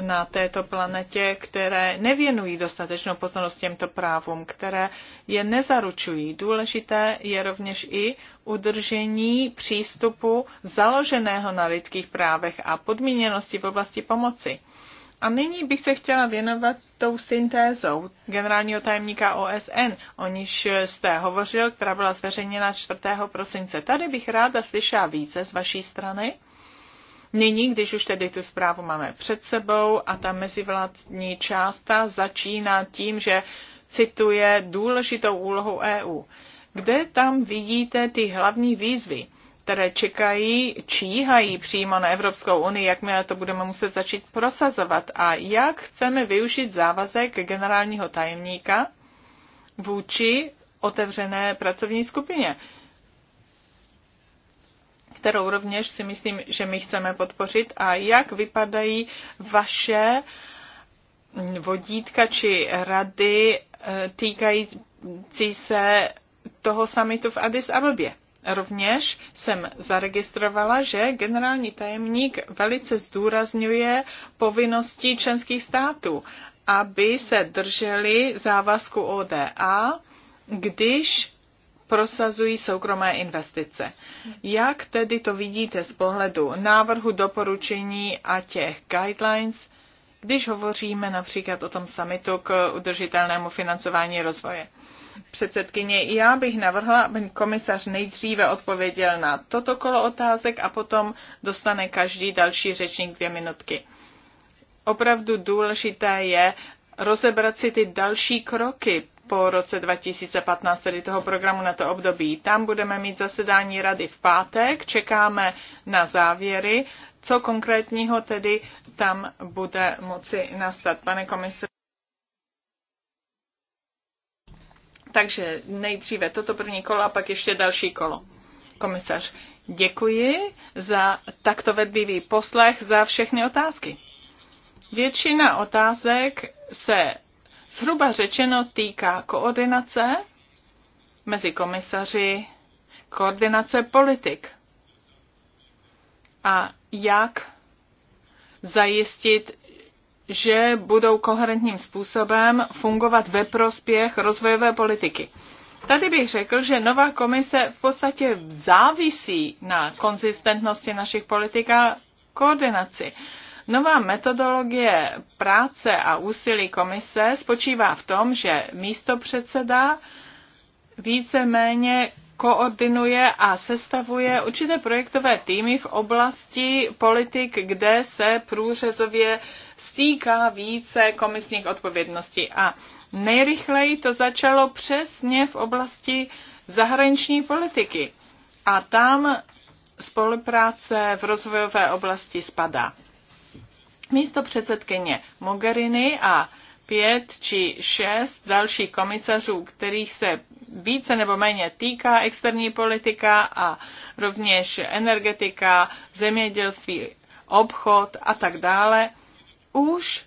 na této planetě, které nevěnují dostatečnou pozornost těmto právům, které je nezaručují. Důležité je rovněž i udržení přístupu založeného na lidských právech a podmíněnosti v oblasti pomoci. A nyní bych se chtěla věnovat tou syntézou generálního tajemníka OSN, o níž jste hovořil, která byla zveřejněna 4. prosince. Tady bych ráda slyšela více z vaší strany Nyní, když už tedy tu zprávu máme před sebou a ta mezivládní část začíná tím, že cituje důležitou úlohu EU. Kde tam vidíte ty hlavní výzvy, které čekají, číhají přímo na Evropskou unii, jakmile to budeme muset začít prosazovat a jak chceme využít závazek generálního tajemníka vůči otevřené pracovní skupině? kterou rovněž si myslím, že my chceme podpořit. A jak vypadají vaše mm, vodítka či rady eh, týkající se toho samitu v Addis Abebě? Rovněž jsem zaregistrovala, že generální tajemník velice zdůrazňuje povinnosti členských států, aby se drželi závazku ODA, když prosazují soukromé investice. Jak tedy to vidíte z pohledu návrhu doporučení a těch guidelines, když hovoříme například o tom samitu k udržitelnému financování rozvoje? Předsedkyně, já bych navrhla, aby komisař nejdříve odpověděl na toto kolo otázek a potom dostane každý další řečník dvě minutky. Opravdu důležité je rozebrat si ty další kroky po roce 2015, tedy toho programu na to období. Tam budeme mít zasedání rady v pátek, čekáme na závěry, co konkrétního tedy tam bude moci nastat. Pane komisaři. Takže nejdříve toto první kolo a pak ještě další kolo. Komisař, děkuji za takto vedlivý poslech, za všechny otázky. Většina otázek se zhruba řečeno týká koordinace mezi komisaři, koordinace politik a jak zajistit, že budou koherentním způsobem fungovat ve prospěch rozvojové politiky. Tady bych řekl, že nová komise v podstatě závisí na konzistentnosti našich politik a koordinaci. Nová metodologie práce a úsilí komise spočívá v tom, že místo předseda víceméně koordinuje a sestavuje určité projektové týmy v oblasti politik, kde se průřezově stýká více komisních odpovědností. A nejrychleji to začalo přesně v oblasti zahraniční politiky. A tam spolupráce v rozvojové oblasti spadá místo předsedkyně Mogherini a pět či šest dalších komisařů, kterých se více nebo méně týká externí politika a rovněž energetika, zemědělství, obchod a tak dále, už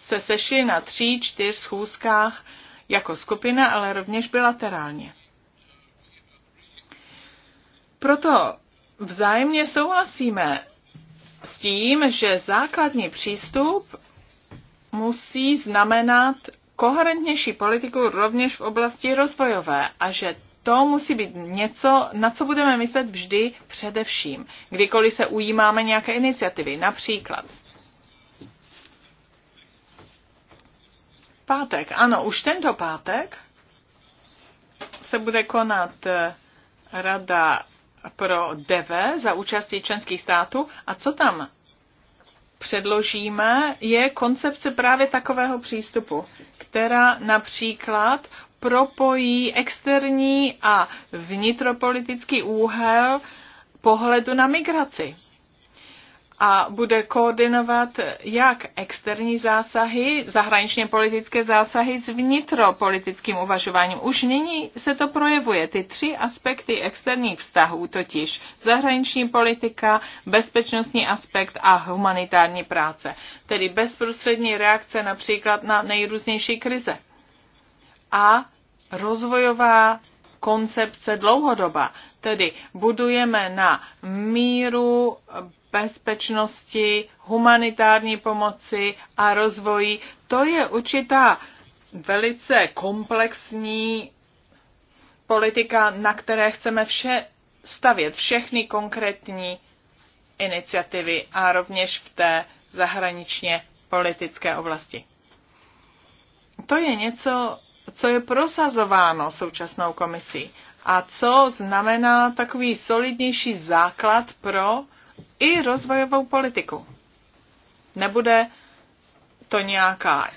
se sešli na tří, čtyř schůzkách jako skupina, ale rovněž bilaterálně. Proto vzájemně souhlasíme s tím, že základní přístup musí znamenat koherentnější politiku rovněž v oblasti rozvojové a že to musí být něco, na co budeme myslet vždy především, kdykoliv se ujímáme nějaké iniciativy. Například pátek, ano, už tento pátek se bude konat eh, Rada pro DV za účastí členských států a co tam předložíme, je koncepce právě takového přístupu, která například propojí externí a vnitropolitický úhel pohledu na migraci a bude koordinovat jak externí zásahy, zahraničně politické zásahy s vnitropolitickým uvažováním. Už nyní se to projevuje. Ty tři aspekty externích vztahů, totiž zahraniční politika, bezpečnostní aspekt a humanitární práce, tedy bezprostřední reakce například na nejrůznější krize. A rozvojová koncepce dlouhodoba, tedy budujeme na míru bezpečnosti, humanitární pomoci a rozvoji. To je určitá velice komplexní politika, na které chceme vše stavět, všechny konkrétní iniciativy a rovněž v té zahraničně politické oblasti. To je něco, co je prosazováno současnou komisí a co znamená takový solidnější základ pro i rozvojovou politiku. Nebude to nějaká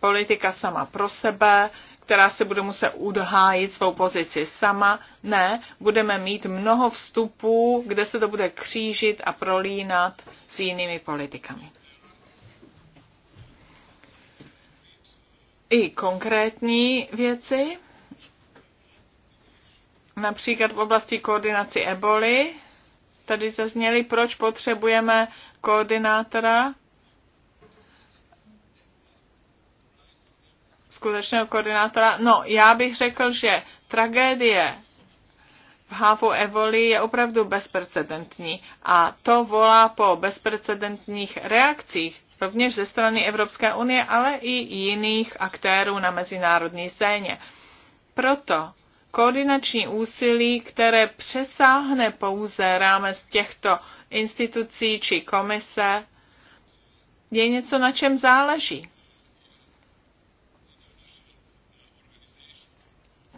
politika sama pro sebe, která si bude muset udhájit svou pozici sama. Ne, budeme mít mnoho vstupů, kde se to bude křížit a prolínat s jinými politikami. I konkrétní věci, například v oblasti koordinaci eboli, tady zazněly, proč potřebujeme koordinátora, skutečného koordinátora. No, já bych řekl, že tragédie v hávu Evoli je opravdu bezprecedentní a to volá po bezprecedentních reakcích rovněž ze strany Evropské unie, ale i jiných aktérů na mezinárodní scéně. Proto koordinační úsilí, které přesáhne pouze rámec těchto institucí či komise, je něco, na čem záleží.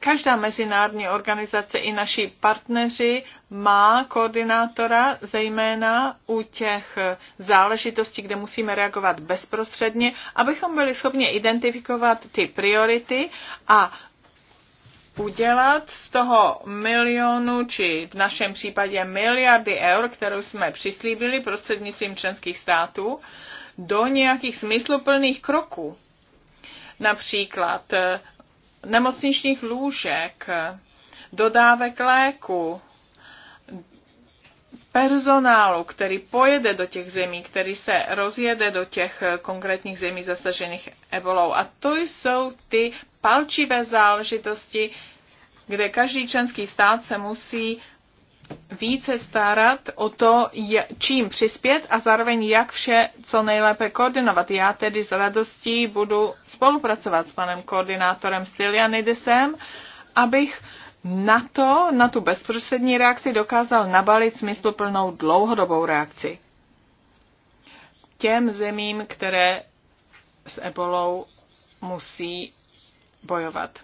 Každá mezinárodní organizace i naši partneři má koordinátora, zejména u těch záležitostí, kde musíme reagovat bezprostředně, abychom byli schopni identifikovat ty priority a udělat z toho milionu, či v našem případě miliardy eur, kterou jsme přislíbili prostřednictvím členských států, do nějakých smysluplných kroků. Například eh, nemocničních lůžek, dodávek léku, personálu, který pojede do těch zemí, který se rozjede do těch eh, konkrétních zemí zasažených ebolou. A to jsou ty palčivé záležitosti, kde každý členský stát se musí více starat o to, čím přispět a zároveň jak vše co nejlépe koordinovat. Já tedy s radostí budu spolupracovat s panem koordinátorem Stylianidisem, abych na to, na tu bezprostřední reakci dokázal nabalit smysluplnou dlouhodobou reakci. Těm zemím, které s ebolou musí bojovat.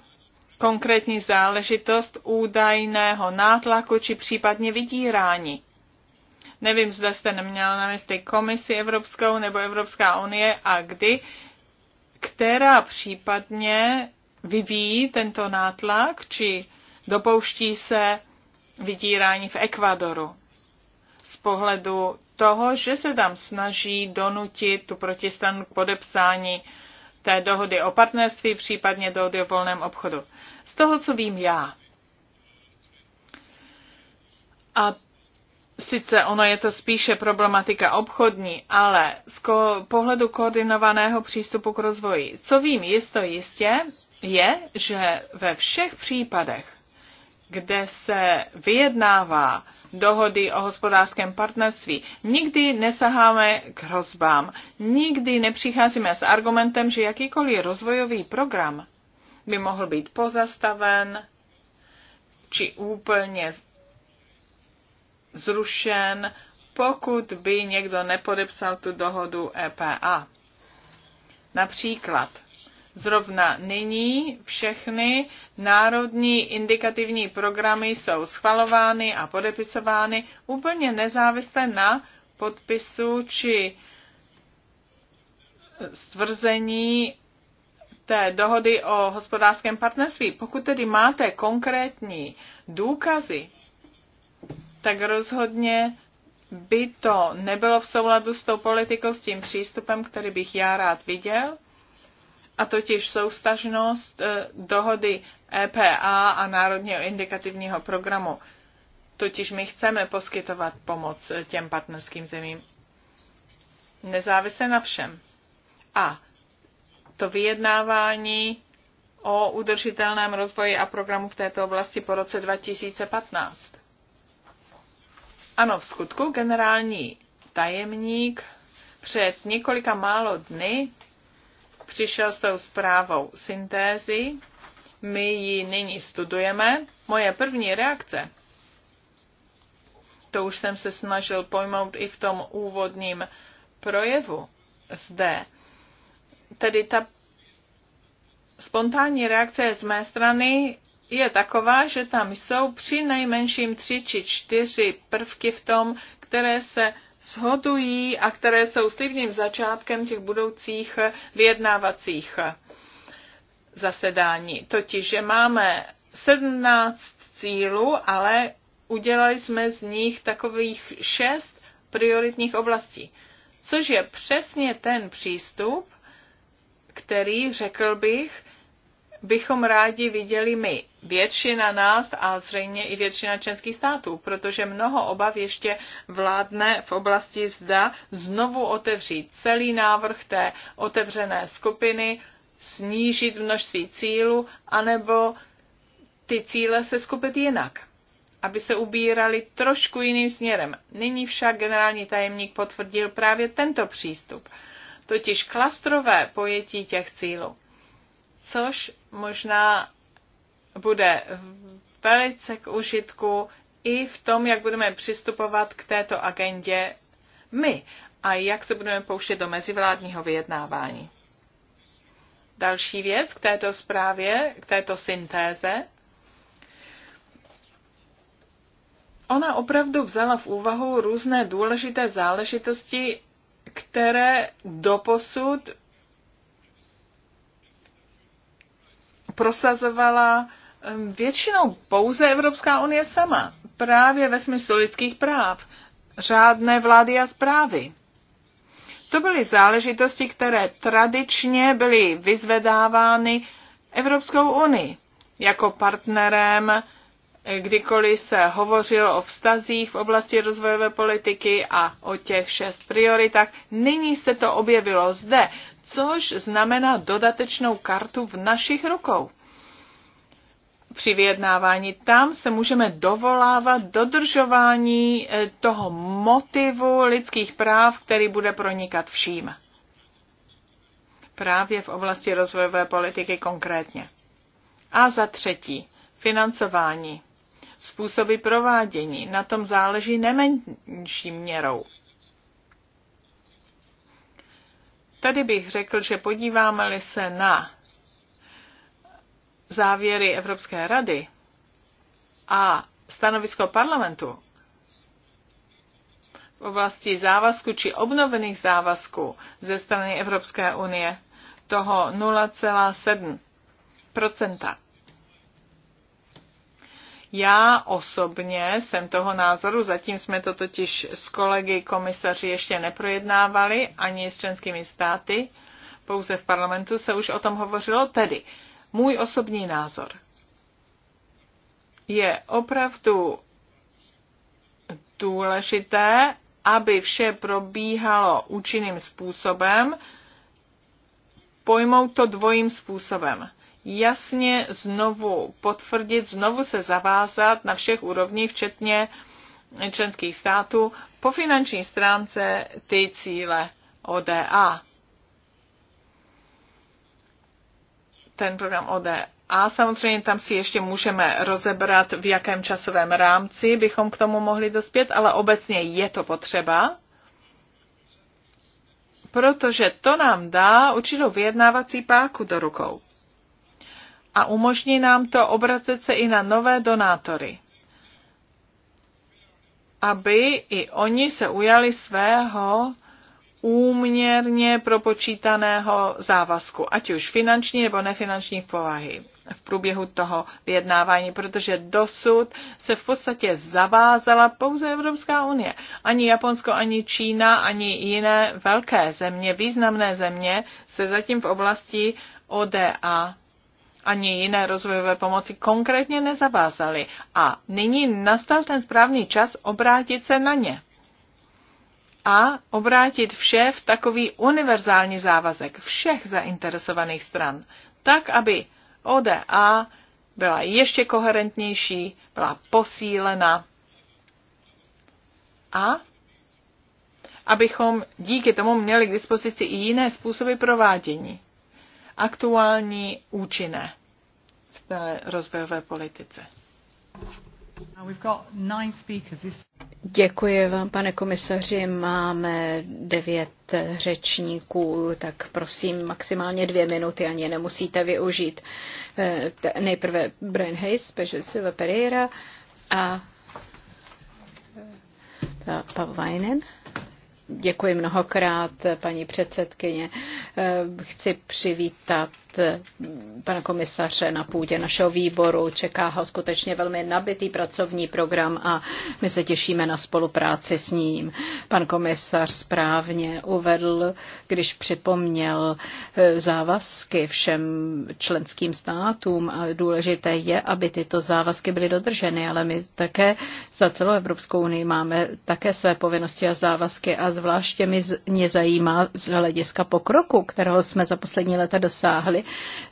Konkrétní záležitost údajného nátlaku či případně vydírání. Nevím, zda jste neměla na mysli komisi Evropskou nebo Evropská unie a kdy, která případně vyvíjí tento nátlak či dopouští se vydírání v Ekvadoru z pohledu toho, že se tam snaží donutit tu protistanu k podepsání té dohody o partnerství, případně dohody o volném obchodu. Z toho, co vím já. A sice ono je to spíše problematika obchodní, ale z ko- pohledu koordinovaného přístupu k rozvoji. Co vím jisto jistě, je, že ve všech případech, kde se vyjednává dohody o hospodářském partnerství. Nikdy nesaháme k hrozbám. Nikdy nepřicházíme s argumentem, že jakýkoliv rozvojový program by mohl být pozastaven či úplně zrušen, pokud by někdo nepodepsal tu dohodu EPA. Například Zrovna nyní všechny národní indikativní programy jsou schvalovány a podepisovány úplně nezávisle na podpisu či stvrzení té dohody o hospodářském partnerství. Pokud tedy máte konkrétní důkazy, tak rozhodně by to nebylo v souladu s tou politikou, s tím přístupem, který bych já rád viděl a totiž soustažnost eh, dohody EPA a Národního indikativního programu. Totiž my chceme poskytovat pomoc eh, těm partnerským zemím. Nezávisle na všem. A to vyjednávání o udržitelném rozvoji a programu v této oblasti po roce 2015. Ano, v skutku generální tajemník před několika málo dny přišel s tou zprávou syntézy. My ji nyní studujeme. Moje první reakce, to už jsem se snažil pojmout i v tom úvodním projevu zde, tedy ta spontánní reakce z mé strany je taková, že tam jsou při nejmenším tři či čtyři prvky v tom, které se shodují a které jsou slibným začátkem těch budoucích vyjednávacích zasedání. Totiž, že máme 17 cílů, ale udělali jsme z nich takových šest prioritních oblastí, což je přesně ten přístup, který, řekl bych, bychom rádi viděli my, většina nás a zřejmě i většina členských států, protože mnoho obav ještě vládne v oblasti zda znovu otevřít celý návrh té otevřené skupiny, snížit množství cílů, anebo ty cíle se skupit jinak aby se ubírali trošku jiným směrem. Nyní však generální tajemník potvrdil právě tento přístup, totiž klastrové pojetí těch cílů což možná bude velice k užitku i v tom, jak budeme přistupovat k této agendě my a jak se budeme pouštět do mezivládního vyjednávání. Další věc k této zprávě, k této syntéze. Ona opravdu vzala v úvahu různé důležité záležitosti, které doposud prosazovala většinou pouze Evropská unie sama, právě ve smyslu lidských práv, řádné vlády a zprávy. To byly záležitosti, které tradičně byly vyzvedávány Evropskou unii jako partnerem, eh, kdykoliv se hovořilo o vztazích v oblasti rozvojové politiky a o těch šest prioritách. Nyní se to objevilo zde což znamená dodatečnou kartu v našich rukou. Při vyjednávání tam se můžeme dovolávat dodržování eh, toho motivu lidských práv, který bude pronikat vším. Právě v oblasti rozvojové politiky konkrétně. A za třetí, financování. Způsoby provádění. Na tom záleží nemenší měrou. Tady bych řekl, že podíváme-li se na závěry Evropské rady a stanovisko parlamentu v oblasti závazku či obnovených závazků ze strany Evropské unie toho 0,7 já osobně jsem toho názoru, zatím jsme to totiž s kolegy komisaři ještě neprojednávali, ani s členskými státy, pouze v parlamentu se už o tom hovořilo, tedy můj osobní názor je opravdu důležité, aby vše probíhalo účinným způsobem, pojmout to dvojím způsobem jasně znovu potvrdit, znovu se zavázat na všech úrovních, včetně členských států, po finanční stránce ty cíle ODA. Ten program ODA samozřejmě tam si ještě můžeme rozebrat, v jakém časovém rámci bychom k tomu mohli dospět, ale obecně je to potřeba, protože to nám dá určitou vyjednávací páku do rukou a umožní nám to obracet se i na nové donátory, aby i oni se ujali svého úměrně propočítaného závazku, ať už finanční nebo nefinanční povahy v průběhu toho vyjednávání, protože dosud se v podstatě zavázala pouze Evropská unie. Ani Japonsko, ani Čína, ani jiné velké země, významné země se zatím v oblasti ODA ani jiné rozvojové pomoci konkrétně nezavázali. A nyní nastal ten správný čas obrátit se na ně a obrátit vše v takový univerzální závazek všech zainteresovaných stran, tak, aby ODA byla ještě koherentnější, byla posílena a abychom díky tomu měli k dispozici i jiné způsoby provádění aktuální, účinné v té rozvojové politice. Děkuji vám, pane komisaři. Máme devět řečníků, tak prosím maximálně dvě minuty, ani nemusíte využít. Eh, nejprve Brian Hayes, Pežel Silva Pereira a eh, Pavel Weinen. Děkuji mnohokrát, paní předsedkyně. Eh, chci přivítat pana komisaře na půdě našeho výboru. Čeká ho skutečně velmi nabitý pracovní program a my se těšíme na spolupráci s ním. Pan komisař správně uvedl, když připomněl eh, závazky všem členským státům a důležité je, aby tyto závazky byly dodrženy, ale my také za celou Evropskou unii máme také své povinnosti a závazky a zvláště mě zajímá z hlediska pokroku, kterého jsme za poslední leta dosáhli,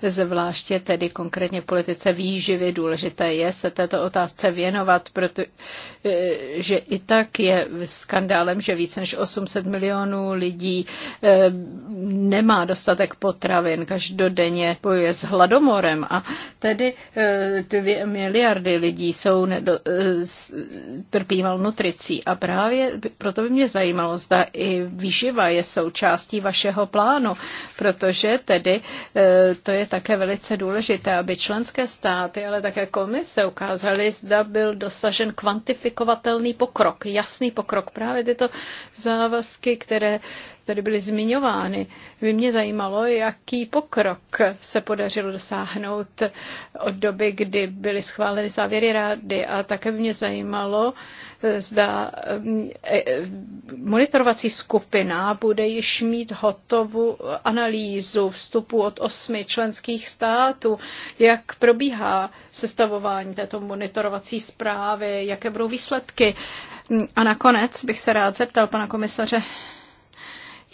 zvláště tedy konkrétně politice výživy. Důležité je se této otázce věnovat, protože e, i tak je skandálem, že více než 800 milionů lidí e, nemá dostatek potravin, každodenně bojuje s hladomorem a tedy e, dvě miliardy lidí jsou nedo, trpí malnutricí a právě proto by mě zajímalo, zda i výživa je součástí vašeho plánu, protože tedy to je také velice důležité, aby členské státy, ale také komise ukázaly, zda byl dosažen kvantifikovatelný pokrok, jasný pokrok. Právě tyto závazky, které tady byly zmiňovány. By mě zajímalo, jaký pokrok se podařilo dosáhnout od doby, kdy byly schváleny závěry rády a také by mě zajímalo, zda mm, e, e, monitorovací skupina bude již mít hotovou analýzu vstupu od osmi členských států, jak probíhá sestavování této monitorovací zprávy, jaké budou výsledky. Mm, a nakonec bych se rád zeptal pana komisaře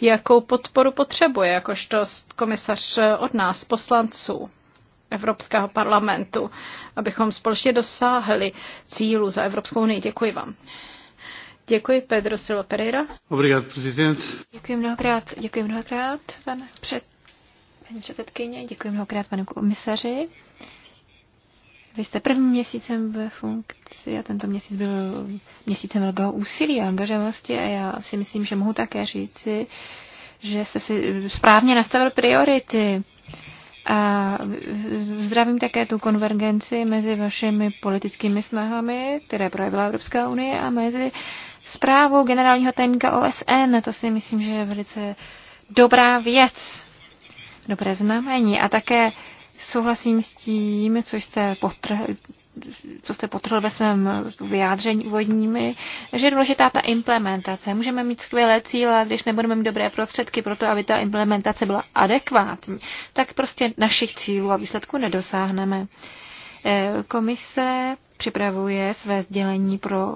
jakou podporu potřebuje, jakožto komisař od nás, poslanců Evropského parlamentu, abychom společně dosáhli cílu za Evropskou unii. Děkuji vám. Děkuji, Pedro Silva Pereira. Obrigado, prezident. Děkuji mnohokrát, děkuji mnohokrát, pane před, paní předsedkyně, děkuji mnohokrát pane komisaři. Vy jste prvním měsícem ve funkci a tento měsíc byl měsícem velkého úsilí a angažovanosti a já si myslím, že mohu také říci, že jste si správně nastavil priority. A zdravím také tu konvergenci mezi vašimi politickými snahami, které projevila Evropská unie, a mezi zprávou generálního tajemníka OSN. To si myslím, že je velice dobrá věc, dobré znamení. A také Souhlasím s tím, co jste potrhl, co jste potrhl ve svém vyjádření úvodními, že je důležitá ta implementace. Můžeme mít skvělé cíle, když nebudeme mít dobré prostředky pro to, aby ta implementace byla adekvátní, tak prostě našich cílů a výsledků nedosáhneme. Eh, komise připravuje své sdělení pro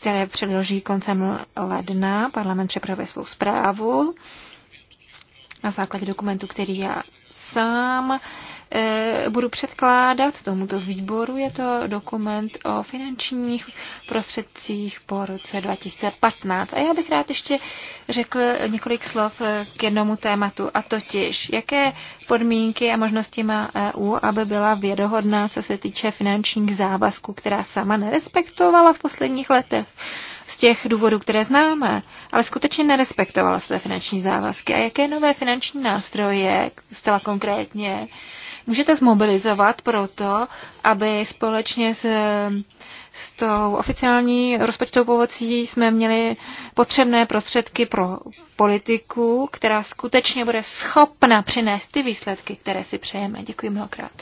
které předloží koncem ledna. Parlament připravuje svou zprávu na základě dokumentu, který já sám eh, budu předkládat tomuto výboru. Je to dokument o finančních prostředcích po roce 2015. A já bych rád ještě řekl několik slov eh, k jednomu tématu, a totiž, jaké podmínky a možnosti má EU, aby byla věrohodná, co se týče finančních závazků, která sama nerespektovala v posledních letech z těch důvodů, které známe, ale skutečně nerespektovala své finanční závazky. A jaké nové finanční nástroje, zcela konkrétně, můžete zmobilizovat proto, aby společně s, s tou oficiální rozpočtovou pomocí jsme měli potřebné prostředky pro politiku, která skutečně bude schopna přinést ty výsledky, které si přejeme. Děkuji mnohokrát.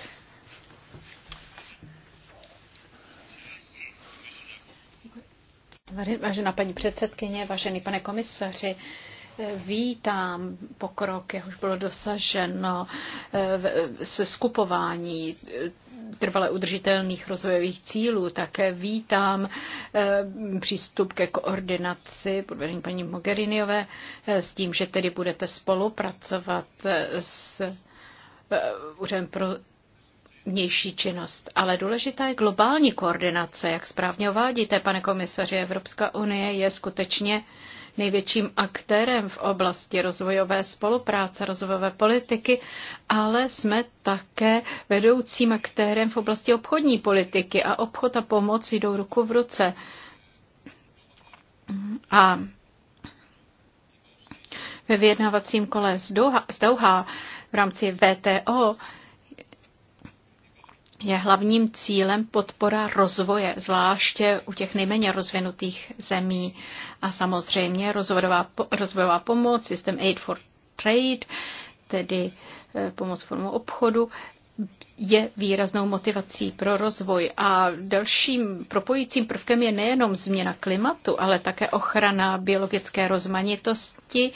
Vážená paní předsedkyně, vážený pane komisaři, eh, vítám pokrok, jehož bylo dosaženo eh, se skupování eh, trvale udržitelných rozvojových cílů. Také vítám přístup ke koordinaci pod vedením paní Mogheriniové s tím, že tedy budete spolupracovat s Úřadem pro vnější činnost. Ale důležitá je globální koordinace, jak správně uvádíte, pane komisaři. Evropská unie je skutečně největším aktérem v oblasti rozvojové spolupráce, rozvojové politiky, ale jsme také vedoucím aktérem v oblasti obchodní politiky a obchod a pomoc jdou ruku v ruce. A ve vyjednávacím kole z Doha, z Doha v rámci VTO je hlavním cílem podpora rozvoje, zvláště u těch nejméně rozvinutých zemí. A samozřejmě rozvojová, rozvojová pomoc, systém Aid for Trade, tedy eh, pomoc formou obchodu, je výraznou motivací pro rozvoj. A dalším propojícím prvkem je nejenom změna klimatu, ale také ochrana biologické rozmanitosti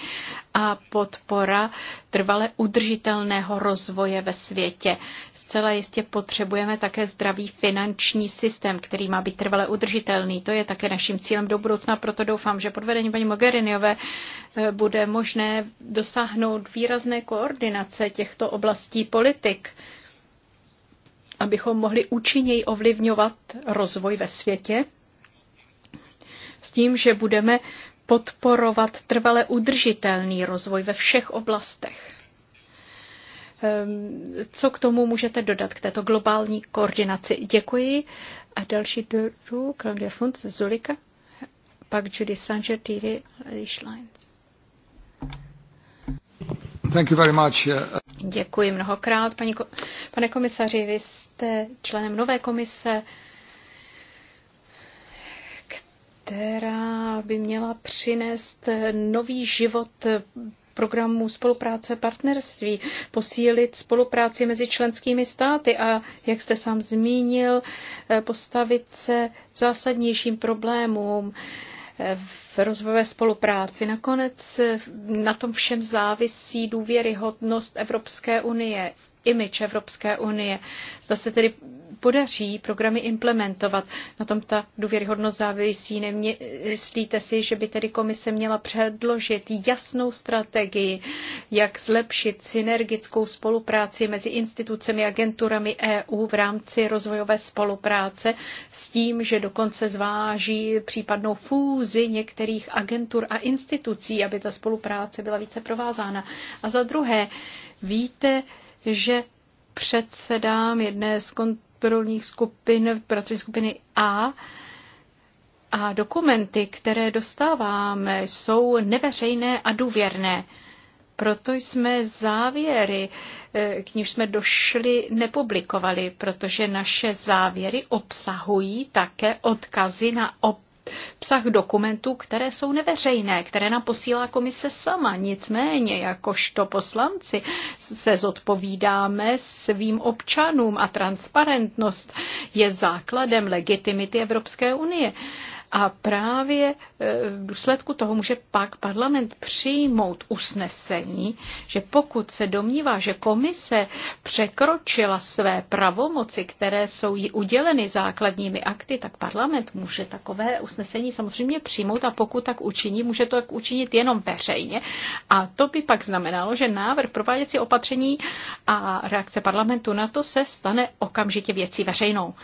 a podpora trvale udržitelného rozvoje ve světě. Zcela jistě potřebujeme také zdravý finanční systém, který má být trvale udržitelný. To je také naším cílem do budoucna, proto doufám, že pod vedením paní Mogheriniové eh, bude možné dosáhnout výrazné koordinace těchto oblastí politik abychom mohli účinněji ovlivňovat rozvoj ve světě s tím, že budeme podporovat trvale udržitelný rozvoj ve všech oblastech. Ehm, co k tomu můžete dodat k této globální koordinaci? Děkuji. A další doru, Claudia Funt z Zulika, pak Judy Sanger, TV Lines. Thank you very much. Uh, uh, Děkuji mnohokrát, paní, pane komisaři. Vy jste členem nové komise která by měla přinést nový život programů spolupráce partnerství, posílit spolupráci mezi členskými státy a, jak jste sám zmínil, eh, postavit se zásadnějším problémům eh, v rozvojové spolupráci. Nakonec eh, na tom všem závisí důvěryhodnost Evropské unie image Evropské unie. Zda se tedy podaří programy implementovat. Na tom ta důvěryhodnost závisí. Myslíte si, že by tedy komise měla předložit jasnou strategii, jak zlepšit synergickou spolupráci mezi institucemi a agenturami EU v rámci rozvojové spolupráce s tím, že dokonce zváží případnou fúzi některých agentur a institucí, aby ta spolupráce byla více provázána. A za druhé, víte, že předsedám jedné z kontrolních skupin, pracovní skupiny A, a dokumenty, které dostáváme, jsou neveřejné a důvěrné. Proto jsme závěry, eh, k níž jsme došli, nepublikovali, protože naše závěry obsahují také odkazy na op Psah dokumentů, které jsou neveřejné, které nám posílá komise sama. Nicméně, jakožto poslanci se zodpovídáme svým občanům a transparentnost je základem legitimity Evropské unie. A právě e, v důsledku toho může pak parlament přijmout usnesení, že pokud se domnívá, že komise překročila své pravomoci, které jsou jí uděleny základními akty, tak parlament může takové usnesení samozřejmě přijmout a pokud tak učiní, může to tak učinit jenom veřejně. A to by pak znamenalo, že návrh prováděcí opatření a reakce parlamentu na to se stane okamžitě věcí veřejnou.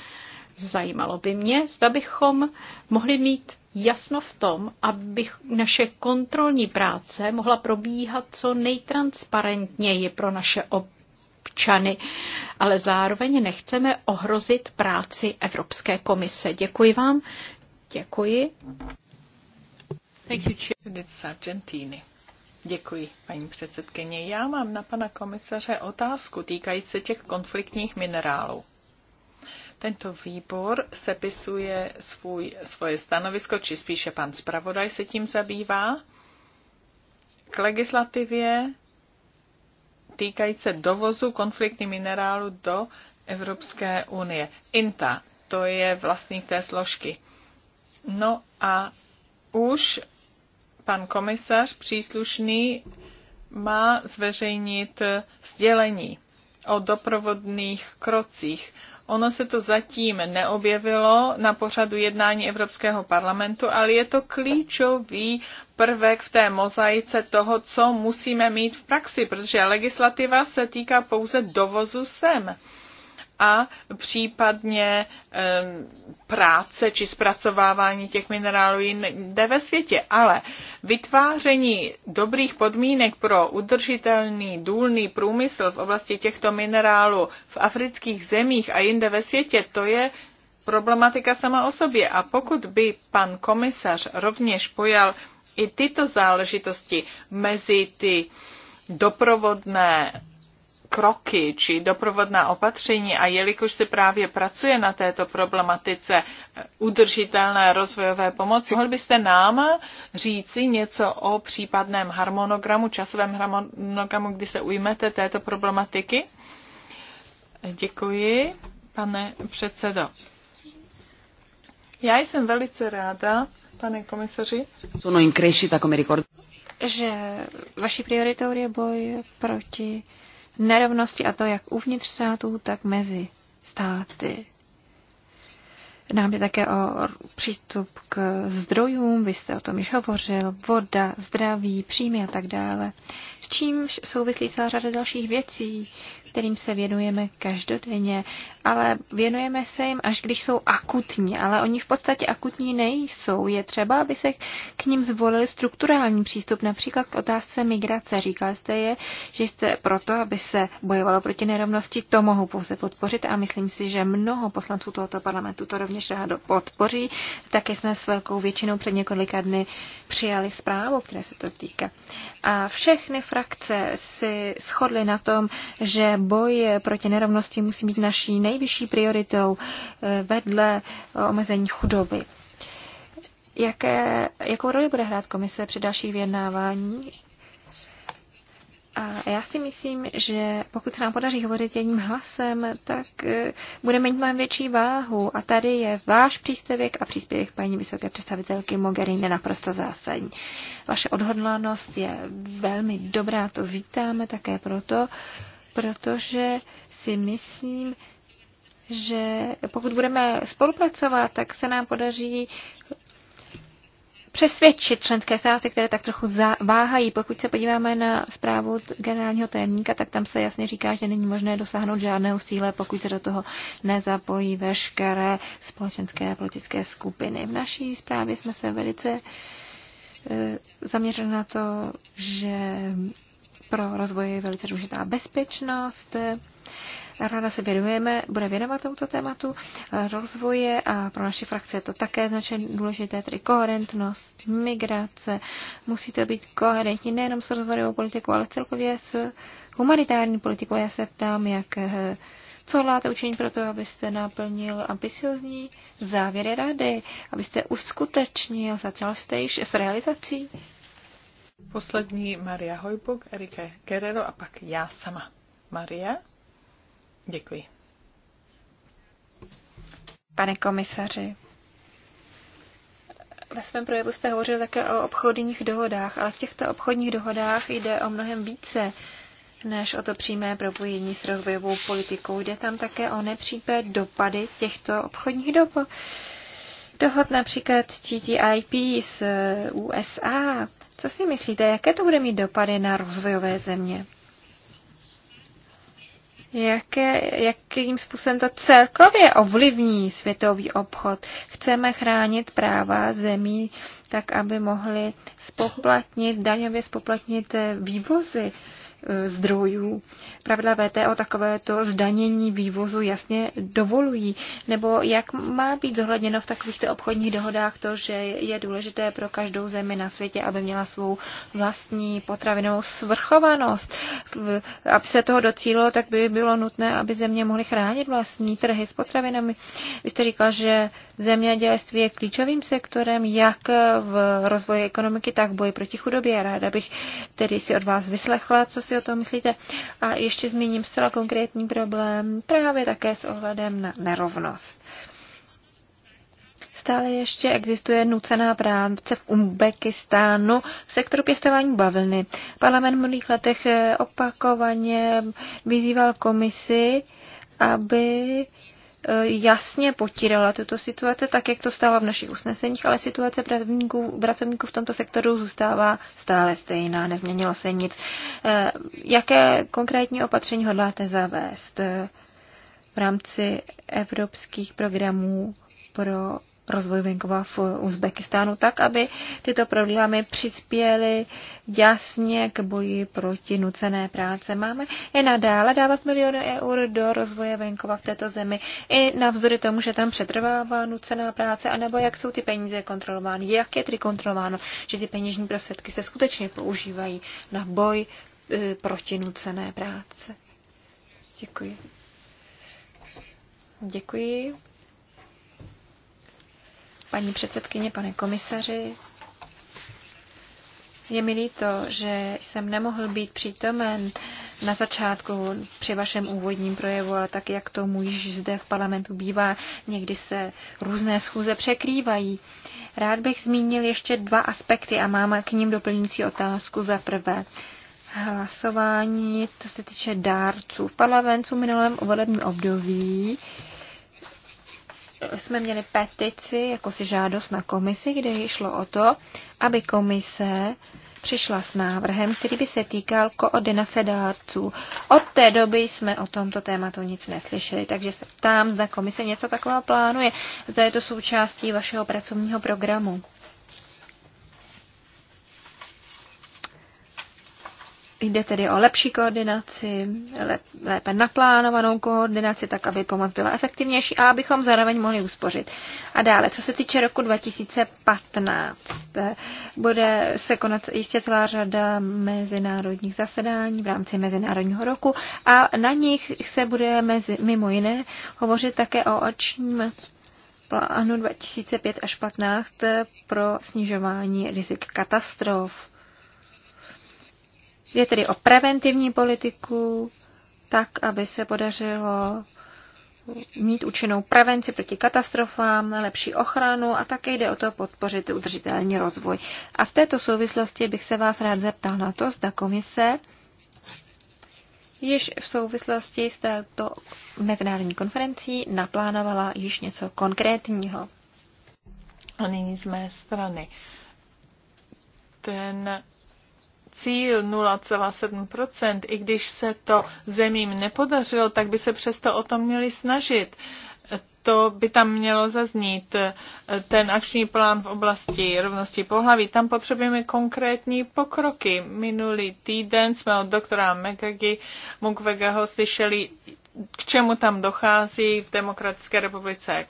Zajímalo by mě, zda bychom mohli mít jasno v tom, aby naše kontrolní práce mohla probíhat co nejtransparentněji pro naše občany, ale zároveň nechceme ohrozit práci Evropské komise. Děkuji vám. Děkuji. Děkuji, paní předsedkyně. Já mám na pana komisaře otázku týkající se těch konfliktních minerálů. Tento výbor sepisuje svůj, svoje stanovisko, či spíše pan zpravodaj se tím zabývá, k legislativě týkající se dovozu konfliktní minerálu do Evropské unie. INTA, to je vlastník té složky. No a už pan komisař příslušný má zveřejnit sdělení o doprovodných krocích Ono se to zatím neobjevilo na pořadu jednání Evropského parlamentu, ale je to klíčový prvek v té mozaice toho, co musíme mít v praxi, protože legislativa se týká pouze dovozu sem a případně práce či zpracovávání těch minerálů jde ve světě. Ale vytváření dobrých podmínek pro udržitelný důlný průmysl v oblasti těchto minerálů v afrických zemích a jinde ve světě, to je problematika sama o sobě. A pokud by pan komisař rovněž pojal i tyto záležitosti mezi ty doprovodné kroky či doprovodná opatření a jelikož se právě pracuje na této problematice udržitelné rozvojové pomoci, mohl byste nám říci něco o případném harmonogramu, časovém harmonogramu, kdy se ujmete této problematiky? Děkuji, pane předsedo. Já jsem velice ráda, pane komisaři. Že vaší prioritou je boj proti nerovnosti, a to jak uvnitř států, tak mezi státy. Nám je také o přístup k zdrojům, vy jste o tom již hovořil, voda, zdraví, příjmy a tak dále s čímž souvislí celá řada dalších věcí, kterým se věnujeme každodenně, ale věnujeme se jim, až když jsou akutní, ale oni v podstatě akutní nejsou. Je třeba, aby se k ním zvolil strukturální přístup, například k otázce migrace. Říkal jste je, že jste proto, aby se bojovalo proti nerovnosti, to mohu pouze podpořit a myslím si, že mnoho poslanců tohoto parlamentu to rovněž rádo podpoří. Také jsme s velkou většinou před několika dny přijali zprávu, které se to týká. A všechny frakce si shodly na tom, že boj proti nerovnosti musí být naší nejvyšší prioritou eh, vedle omezení chudoby. Jaké, jakou roli bude hrát komise při dalších vyjednávání a já si myslím, že pokud se nám podaří hovořit jedním hlasem, tak eh, budeme mít mnohem větší váhu. A tady je váš příspěvek a příspěvek paní vysoké představitelky Mogherini naprosto zásadní. Vaše odhodlanost je velmi dobrá, to vítáme také proto, protože si myslím, že pokud budeme spolupracovat, tak se nám podaří přesvědčit členské státy, které tak trochu váhají. Pokud se podíváme na zprávu generálního tajemníka, tak tam se jasně říká, že není možné dosáhnout žádného cíle, pokud se do toho nezapojí veškeré společenské a politické skupiny. V naší zprávě jsme se velice e, zaměřili na to, že pro rozvoj je velice důležitá bezpečnost rada se věnujeme, bude věnovat tomuto tématu eh, rozvoje a pro naši frakce je to také značně důležité, tedy koherentnost, migrace. Musí to být koherentní nejenom s rozvojovou politikou, ale celkově s humanitární politikou. Já se ptám, jak eh, co hláte učinit pro to, abyste naplnil ambiciozní závěry rady, abyste uskutečnil, začal jste již s realizací? Poslední Maria Hojbuk, Erika Guerrero a pak já sama. Maria? Děkuji. Pane komisaři, ve svém projevu jste hovořil také o obchodních dohodách, ale v těchto obchodních dohodách jde o mnohem více než o to přímé propojení s rozvojovou politikou. Jde tam také o nepřípé dopady těchto obchodních dobo. Dohod například TTIP z USA. Co si myslíte, jaké to bude mít dopady na rozvojové země? jaké, jakým způsobem to celkově ovlivní světový obchod. Chceme chránit práva zemí tak, aby mohli spoplatnit, daňově spoplatnit vývozy zdrojů. Pravidla VTO takovéto zdanění vývozu jasně dovolují, nebo jak má být zohledněno v takovýchto obchodních dohodách to, že je důležité pro každou zemi na světě, aby měla svou vlastní potravinovou svrchovanost. Aby se toho docílilo, tak by bylo nutné, aby země mohly chránit vlastní trhy s potravinami. Vy jste říkal, že zemědělství je klíčovým sektorem jak v rozvoji ekonomiky, tak v boji proti chudobě. Ráda bych tedy si od vás vyslechla, co si si o tom myslíte. A ještě zmíním zcela konkrétní problém právě také s ohledem na nerovnost. Stále ještě existuje nucená práce v Uzbekistánu v sektoru pěstování bavlny. Parlament v minulých letech eh, opakovaně vyzýval komisi, aby Eh, jasně potírala tuto situaci, tak jak to stává v našich usneseních, ale situace pracovníků, pracovníků v tomto sektoru zůstává stále stejná, nezměnilo se nic. Eh, jaké konkrétní opatření hodláte zavést eh, v rámci evropských programů pro rozvoj venkova v Uzbekistánu tak, aby tyto problémy přispěly jasně k boji proti nucené práce. Máme i nadále dávat miliony eur do rozvoje venkova v této zemi, i navzory tomu, že tam přetrvává nucená práce, anebo jak jsou ty peníze kontrolovány, jak je tedy kontrolováno, že ty peněžní prostředky se skutečně používají na boj e, proti nucené práce. Děkuji. Děkuji paní předsedkyně, pane komisaři. Je mi líto, že jsem nemohl být přítomen na začátku při vašem úvodním projevu, ale tak, jak to již zde v parlamentu bývá, někdy se různé schůze překrývají. Rád bych zmínil ještě dva aspekty a mám k ním doplňující otázku za prvé. Hlasování, to se týče dárců. V parlamentu minulém volebním období jsme měli petici, jako si žádost na komisi, kde šlo o to, aby komise přišla s návrhem, který by se týkal koordinace dárců. Od té doby jsme o tomto tématu nic neslyšeli, takže se ptám, zda komise něco takového plánuje, zda je to součástí vašeho pracovního programu. Jde tedy o lepší koordinaci, lépe naplánovanou koordinaci, tak aby pomoc byla efektivnější a abychom zároveň mohli uspořit. A dále, co se týče roku 2015, bude se konat jistě celá řada mezinárodních zasedání v rámci mezinárodního roku a na nich se bude mezi, mimo jiné hovořit také o očním plánu 2005 až 2015 pro snižování rizik katastrof. Jde tedy o preventivní politiku, tak, aby se podařilo mít účinnou prevenci proti katastrofám, lepší ochranu a také jde o to podpořit udržitelný rozvoj. A v této souvislosti bych se vás rád zeptal na to, zda komise již v souvislosti s této mezinárodní konferencí naplánovala již něco konkrétního. A nyní z mé strany. Ten cíl 0,7%, i když se to zemím nepodařilo, tak by se přesto o to měli snažit. To by tam mělo zaznít. Ten akční plán v oblasti rovnosti pohlaví, tam potřebujeme konkrétní pokroky. Minulý týden jsme od doktora Megagi Mukwegeho slyšeli, k čemu tam dochází v Demokratické republice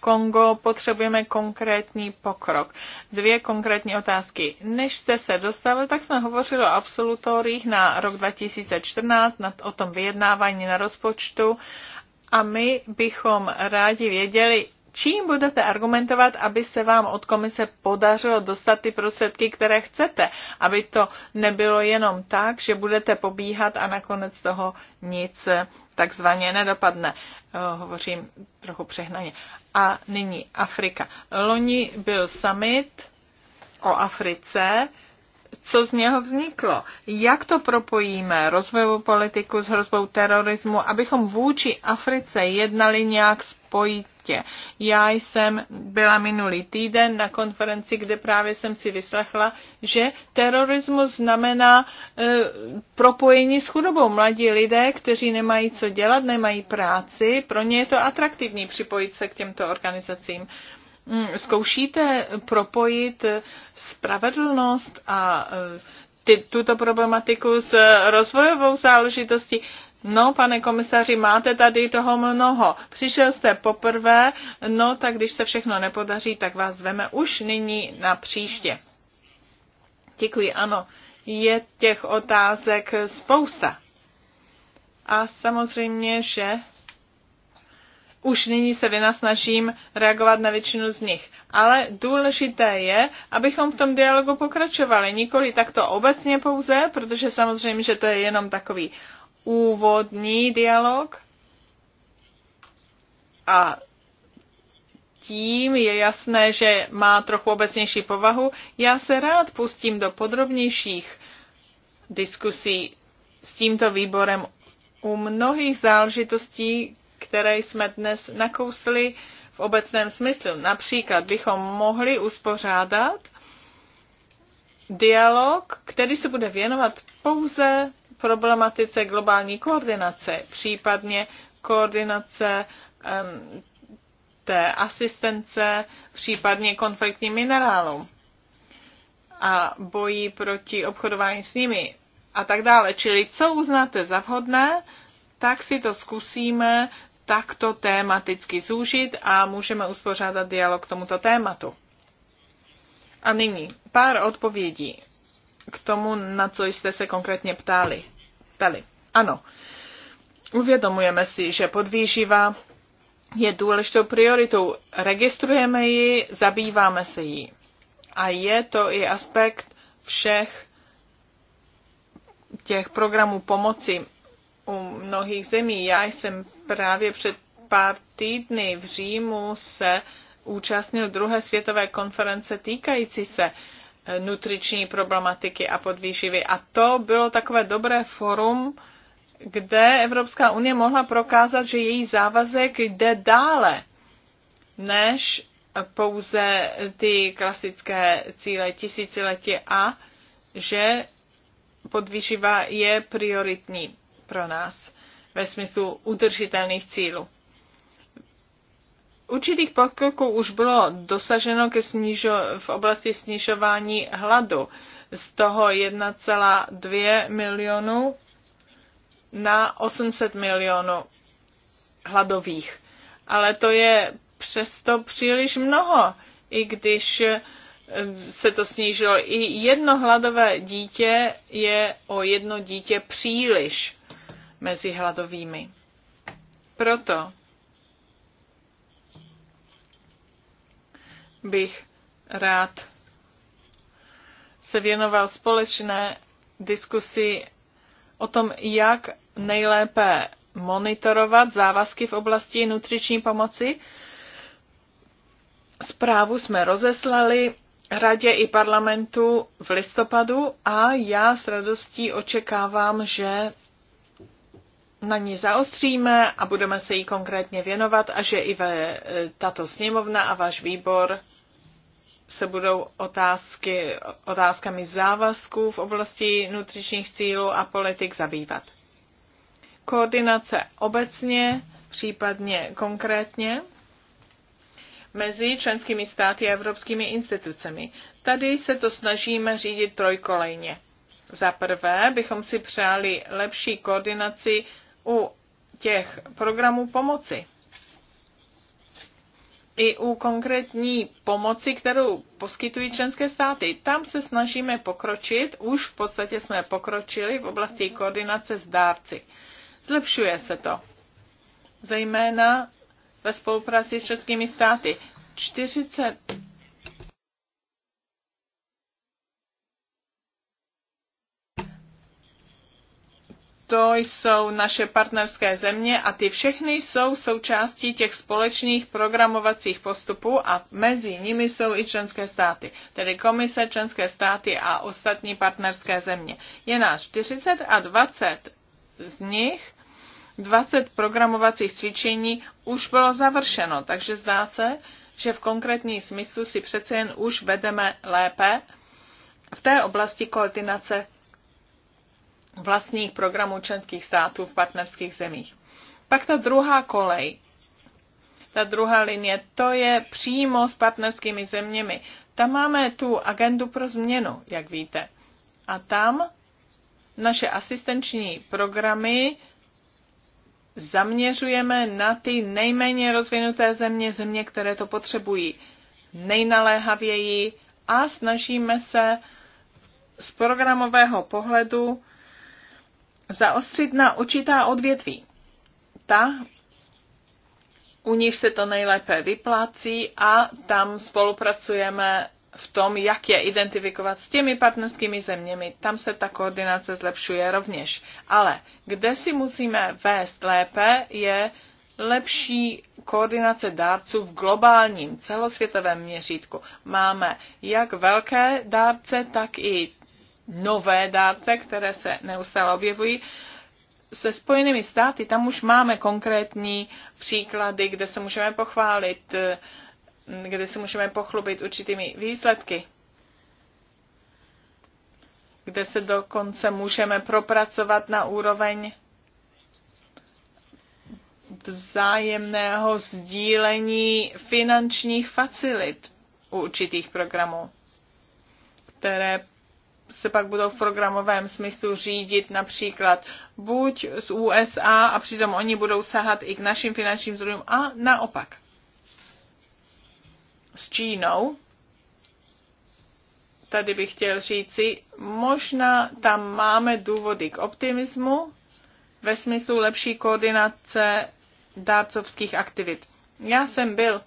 Kongo potřebujeme konkrétní pokrok. Dvě konkrétní otázky. Než jste se dostali, tak jsme hovořili o absolutorích na rok 2014, o tom vyjednávání na rozpočtu a my bychom rádi věděli, čím budete argumentovat, aby se vám od komise podařilo dostat ty prostředky, které chcete, aby to nebylo jenom tak, že budete pobíhat a nakonec toho nic takzvaně nedopadne. Eh, hovořím trochu přehnaně. A nyní Afrika. Loni byl summit o Africe, co z něho vzniklo. Jak to propojíme, rozvojovou politiku s hrozbou terorismu, abychom vůči Africe jednali nějak spojitě. Já jsem byla minulý týden na konferenci, kde právě jsem si vyslechla, že terorismus znamená e, propojení s chudobou. Mladí lidé, kteří nemají co dělat, nemají práci, pro ně je to atraktivní připojit se k těmto organizacím. Mm, zkoušíte propojit spravedlnost a e, ty, tuto problematiku s rozvojovou záležitostí. No, pane komisaři, máte tady toho mnoho. Přišel jste poprvé, no tak když se všechno nepodaří, tak vás zveme už nyní na příště. Děkuji, ano. Je těch otázek spousta. A samozřejmě, že už nyní se vynasnažím reagovat na většinu z nich. Ale důležité je, abychom v tom dialogu pokračovali. Nikoli takto obecně pouze, protože samozřejmě, že to je jenom takový úvodní dialog. A tím je jasné, že má trochu obecnější povahu. Já se rád pustím do podrobnějších diskusí s tímto výborem u mnohých záležitostí, které jsme dnes nakousli v obecném smyslu. Například bychom mohli uspořádat dialog, který se bude věnovat pouze problematice globální koordinace, případně koordinace um, té asistence, případně konfliktním minerálům a boji proti obchodování s nimi a tak dále. Čili co uznáte za vhodné, tak si to zkusíme takto tématicky zúžit a můžeme uspořádat dialog k tomuto tématu. A nyní pár odpovědí k tomu, na co jste se konkrétně ptali. Ptali. Ano, uvědomujeme si, že podvýživa je důležitou prioritou. Registrujeme ji, zabýváme se jí. A je to i aspekt všech těch programů pomoci u mnohých zemí. Já jsem právě před pár týdny v Římu se účastnil druhé světové konference týkající se eh, nutriční problematiky a podvýživy. A to bylo takové dobré forum, kde Evropská unie mohla prokázat, že její závazek jde dále než pouze ty klasické cíle tisíciletí a že podvýživa je prioritní pro nás ve smyslu udržitelných cílů. Určitých pokroků už bylo dosaženo ke snižo- v oblasti snižování hladu. Z toho 1,2 milionu na 800 milionů hladových. Ale to je přesto příliš mnoho, i když eh, se to snížilo. I jedno hladové dítě je o jedno dítě příliš mezi hladovými. Proto bych rád se věnoval společné diskusi o tom, jak nejlépe monitorovat závazky v oblasti nutriční pomoci. Zprávu jsme rozeslali radě i parlamentu v listopadu a já s radostí očekávám, že na ní zaostříme a budeme se jí konkrétně věnovat a že i ve, e, tato sněmovna a váš výbor se budou otázky, otázkami závazků v oblasti nutričních cílů a politik zabývat. Koordinace obecně, případně konkrétně, mezi členskými státy a evropskými institucemi. Tady se to snažíme řídit trojkolejně. Za prvé bychom si přáli lepší koordinaci u těch programů pomoci. I u konkrétní pomoci, kterou poskytují členské státy. Tam se snažíme pokročit, už v podstatě jsme pokročili v oblasti koordinace s dárci. Zlepšuje se to. Zejména ve spolupráci s českými státy. 40 to jsou naše partnerské země a ty všechny jsou součástí těch společných programovacích postupů a mezi nimi jsou i členské státy, tedy komise, členské státy a ostatní partnerské země. Je nás 40 a 20 z nich, 20 programovacích cvičení už bylo završeno, takže zdá se, že v konkrétní smyslu si přece jen už vedeme lépe v té oblasti koordinace vlastních programů členských států v partnerských zemích. Pak ta druhá kolej, ta druhá linie, to je přímo s partnerskými zeměmi. Tam máme tu agendu pro změnu, jak víte. A tam naše asistenční programy zaměřujeme na ty nejméně rozvinuté země, země, které to potřebují nejnaléhavěji a snažíme se z programového pohledu zaostřit na určitá odvětví. Ta, u níž se to nejlépe vyplácí a tam spolupracujeme v tom, jak je identifikovat s těmi partnerskými zeměmi. Tam se ta koordinace zlepšuje rovněž. Ale kde si musíme vést lépe, je lepší koordinace dárců v globálním celosvětovém měřítku. Máme jak velké dárce, tak i nové dárce, které se neustále objevují. Se Spojenými státy tam už máme konkrétní příklady, kde se můžeme pochválit, kde se můžeme pochlubit určitými výsledky kde se dokonce můžeme propracovat na úroveň vzájemného sdílení finančních facilit u určitých programů, které se pak budou v programovém smyslu řídit například buď z USA a přitom oni budou sahat i k našim finančním zdrojům a naopak. S Čínou, tady bych chtěl říci, možná tam máme důvody k optimismu ve smyslu lepší koordinace dárcovských aktivit. Já jsem byl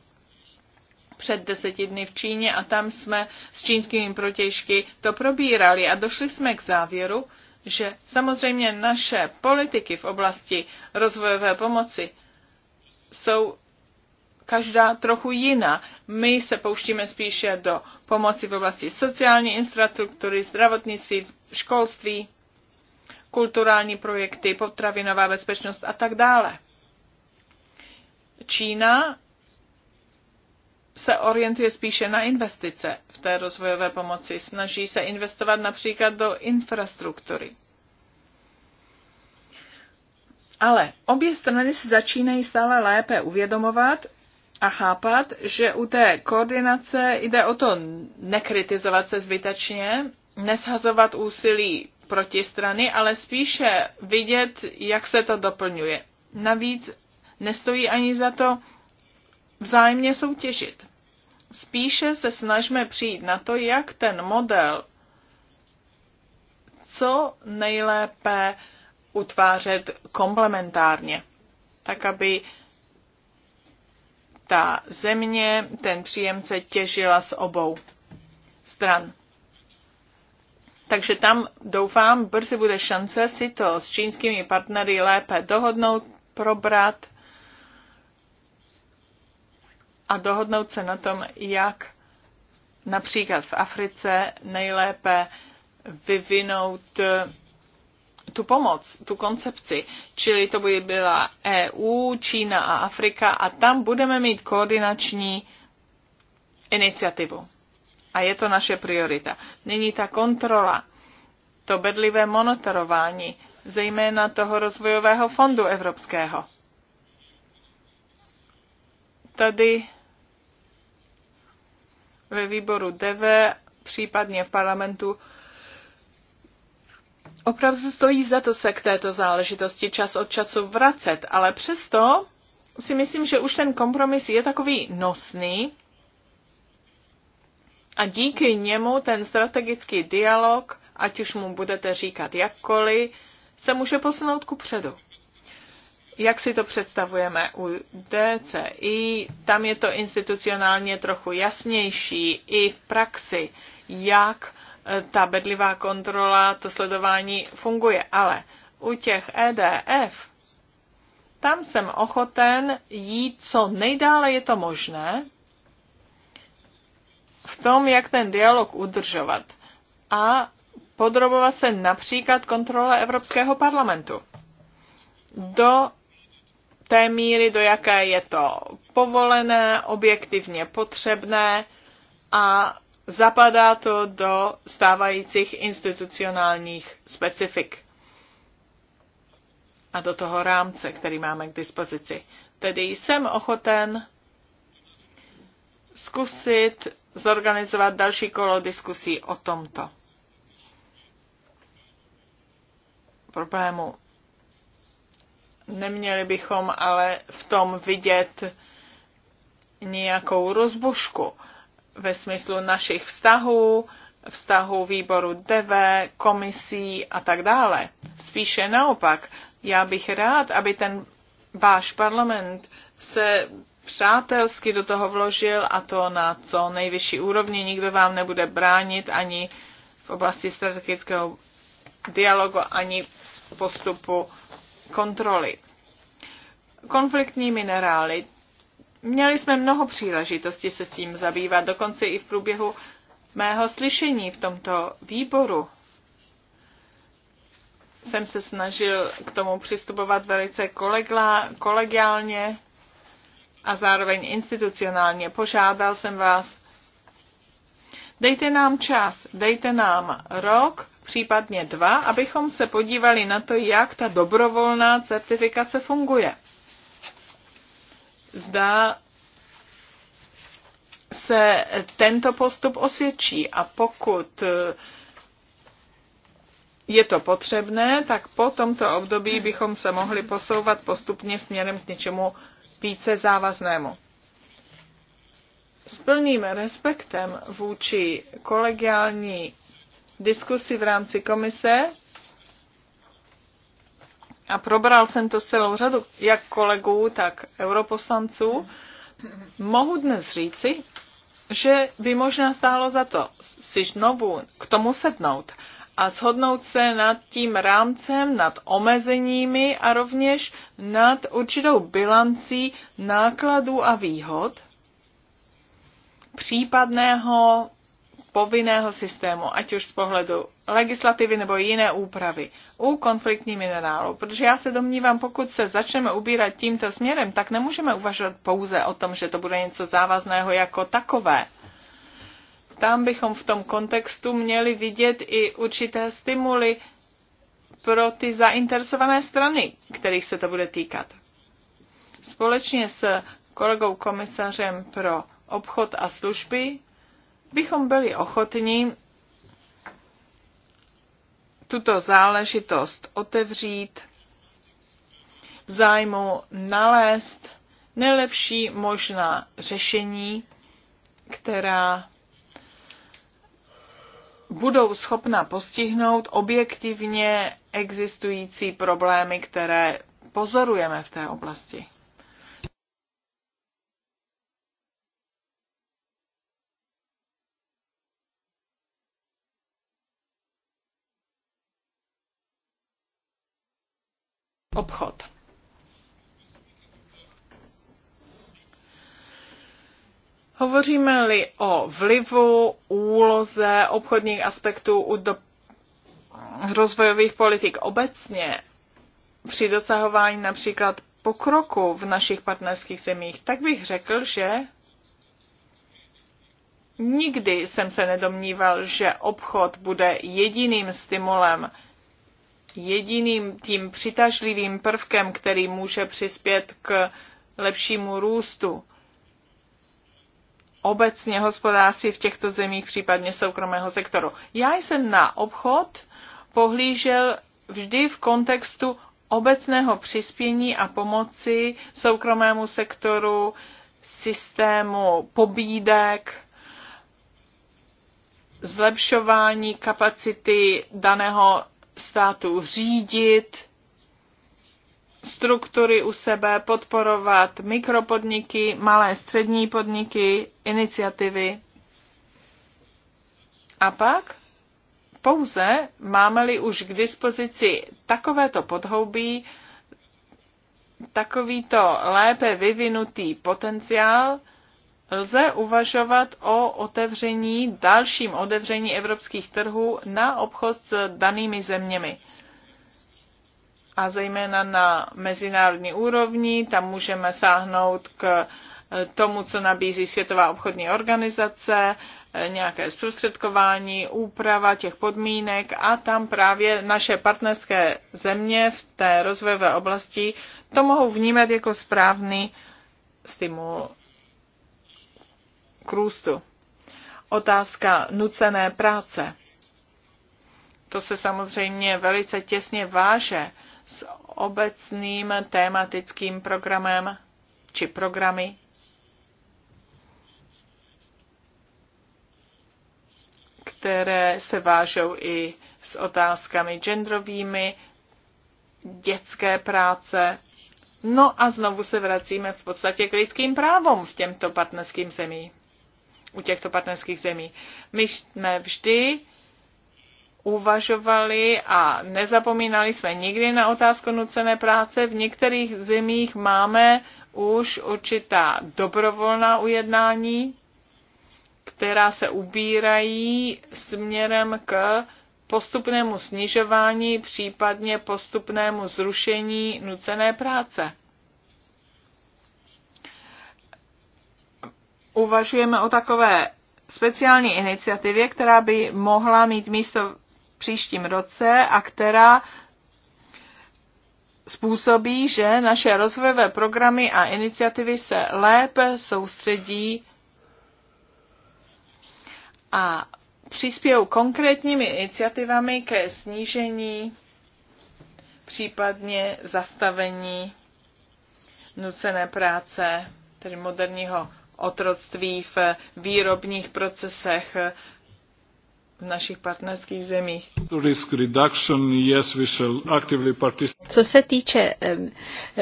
před deseti dny v Číně a tam jsme s čínskými protěžky to probírali a došli jsme k závěru, že samozřejmě naše politiky v oblasti rozvojové pomoci jsou každá trochu jiná. My se pouštíme spíše do pomoci v oblasti sociální infrastruktury, zdravotnictví, školství, kulturální projekty, potravinová bezpečnost a tak dále. Čína se orientuje spíše na investice v té rozvojové pomoci. Snaží se investovat například do infrastruktury. Ale obě strany si začínají stále lépe uvědomovat a chápat, že u té koordinace jde o to nekritizovat se zbytečně, neshazovat úsilí proti strany, ale spíše vidět, jak se to doplňuje. Navíc nestojí ani za to vzájemně soutěžit. Spíše se snažíme přijít na to, jak ten model co nejlépe utvářet komplementárně, tak aby ta země, ten příjemce těžila z obou stran. Takže tam doufám, brzy bude šance si to s čínskými partnery lépe dohodnout, probrat a dohodnout se na tom, jak například v Africe nejlépe vyvinout eh, tu pomoc, tu koncepci. Čili to by byla EU, Čína a Afrika a tam budeme mít koordinační iniciativu. A je to naše priorita. Nyní ta kontrola, to bedlivé monitorování, zejména toho rozvojového fondu evropského tady ve výboru DV, případně v parlamentu, opravdu stojí za to se k této záležitosti čas od času vracet, ale přesto si myslím, že už ten kompromis je takový nosný a díky němu ten strategický dialog, ať už mu budete říkat jakkoliv, se může posunout ku předu jak si to představujeme u DCI, tam je to institucionálně trochu jasnější i v praxi, jak eh, ta bedlivá kontrola, to sledování funguje. Ale u těch EDF, tam jsem ochoten jít co nejdále je to možné v tom, jak ten dialog udržovat a podrobovat se například kontrole Evropského parlamentu do té míry, do jaké je to povolené, objektivně potřebné a zapadá to do stávajících institucionálních specifik a do toho rámce, který máme k dispozici. Tedy jsem ochoten zkusit zorganizovat další kolo diskusí o tomto problému. Neměli bychom ale v tom vidět nějakou rozbušku ve smyslu našich vztahů, vztahu výboru DV, komisí a tak dále. Spíše naopak, já bych rád, aby ten váš parlament se přátelsky do toho vložil a to na co nejvyšší úrovni. Nikdo vám nebude bránit ani v oblasti strategického dialogu, ani postupu kontroly. Konfliktní minerály. Měli jsme mnoho příležitostí se s tím zabývat, dokonce i v průběhu mého slyšení v tomto výboru jsem se snažil k tomu přistupovat velice kolegla, kolegiálně a zároveň institucionálně. Požádal jsem vás, dejte nám čas, dejte nám rok, případně dva, abychom se podívali na to, jak ta dobrovolná certifikace funguje. Zda se tento postup osvědčí a pokud je to potřebné, tak po tomto období bychom se mohli posouvat postupně směrem k něčemu více závaznému. S plným respektem vůči kolegiální diskusi v rámci komise a probral jsem to s celou řadu jak kolegů, tak europoslanců, mohu dnes říci, že by možná stálo za to si znovu k tomu sednout a shodnout se nad tím rámcem, nad omezeními a rovněž nad určitou bilancí nákladů a výhod případného povinného systému, ať už z pohledu legislativy nebo jiné úpravy u konfliktních minerálů. Protože já se domnívám, pokud se začneme ubírat tímto směrem, tak nemůžeme uvažovat pouze o tom, že to bude něco závazného jako takové. Tam bychom v tom kontextu měli vidět i určité stimuly pro ty zainteresované strany, kterých se to bude týkat. Společně s kolegou komisařem pro obchod a služby bychom byli ochotní tuto záležitost otevřít v zájmu nalézt nejlepší možná řešení, která budou schopna postihnout objektivně existující problémy, které pozorujeme v té oblasti. obchod. Hovoříme-li o vlivu, úloze obchodních aspektů u do... rozvojových politik obecně při dosahování například pokroku v našich partnerských zemích, tak bych řekl, že nikdy jsem se nedomníval, že obchod bude jediným stimulem jediným tím přitažlivým prvkem, který může přispět k lepšímu růstu obecně hospodářství v těchto zemích, případně soukromého sektoru. Já jsem na obchod pohlížel vždy v kontextu obecného přispění a pomoci soukromému sektoru, systému pobídek, zlepšování kapacity daného státu řídit struktury u sebe, podporovat mikropodniky, malé střední podniky, iniciativy. A pak pouze máme-li už k dispozici takovéto podhoubí, takovýto lépe vyvinutý potenciál, lze uvažovat o otevření, dalším otevření evropských trhů na obchod s danými zeměmi. A zejména na mezinárodní úrovni, tam můžeme sáhnout k eh, tomu, co nabízí Světová obchodní organizace, eh, nějaké zprostředkování, úprava těch podmínek a tam právě naše partnerské země v té rozvojové oblasti to mohou vnímat jako správný stimul k růstu. Otázka nucené práce. To se samozřejmě velice těsně váže s obecným tématickým programem či programy které se vážou i s otázkami genderovými, dětské práce. No a znovu se vracíme v podstatě k lidským právům v těmto partnerským zemím u těchto partnerských zemí. My jsme vždy uvažovali a nezapomínali jsme nikdy na otázku nucené práce. V některých zemích máme už určitá dobrovolná ujednání, která se ubírají směrem k postupnému snižování, případně postupnému zrušení nucené práce. uvažujeme o takové speciální iniciativě, která by mohla mít místo v příštím roce a která způsobí, že naše rozvojové programy a iniciativy se lépe soustředí a přispějí konkrétními iniciativami ke snížení, případně zastavení nucené práce, tedy moderního otroctví v výrobních procesech v našich partnerských zemích. Co se týče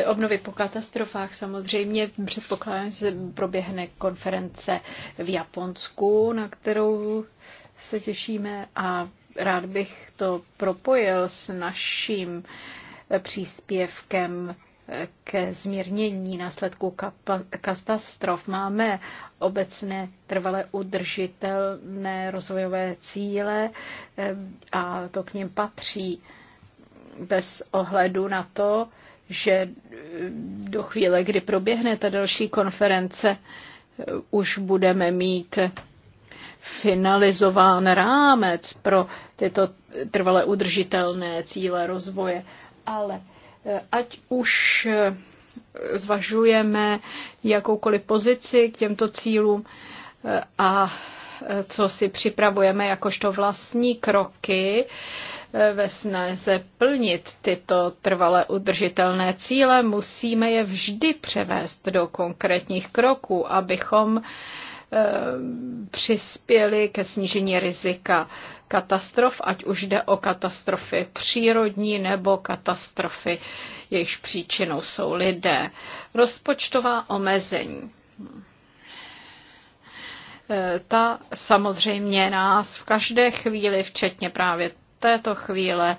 obnovy po katastrofách, samozřejmě předpokládám, že proběhne konference v Japonsku, na kterou se těšíme a rád bych to propojil s naším příspěvkem ke zmírnění následků katastrof. Máme obecné trvale udržitelné rozvojové cíle eh, a to k ním patří bez ohledu na to, že do chvíle, kdy proběhne ta další konference, eh, už budeme mít finalizován rámec pro tyto trvale udržitelné cíle rozvoje. Ale Eh, ať už eh, zvažujeme jakoukoliv pozici k těmto cílům eh, a co si připravujeme jakožto vlastní kroky ve snaze plnit tyto trvale udržitelné cíle, musíme je vždy převést do konkrétních kroků, abychom přispěli ke snížení rizika katastrof, ať už jde o katastrofy přírodní nebo katastrofy, jejichž příčinou jsou lidé. Rozpočtová omezení e, ta samozřejmě nás v každé chvíli, včetně právě této chvíle,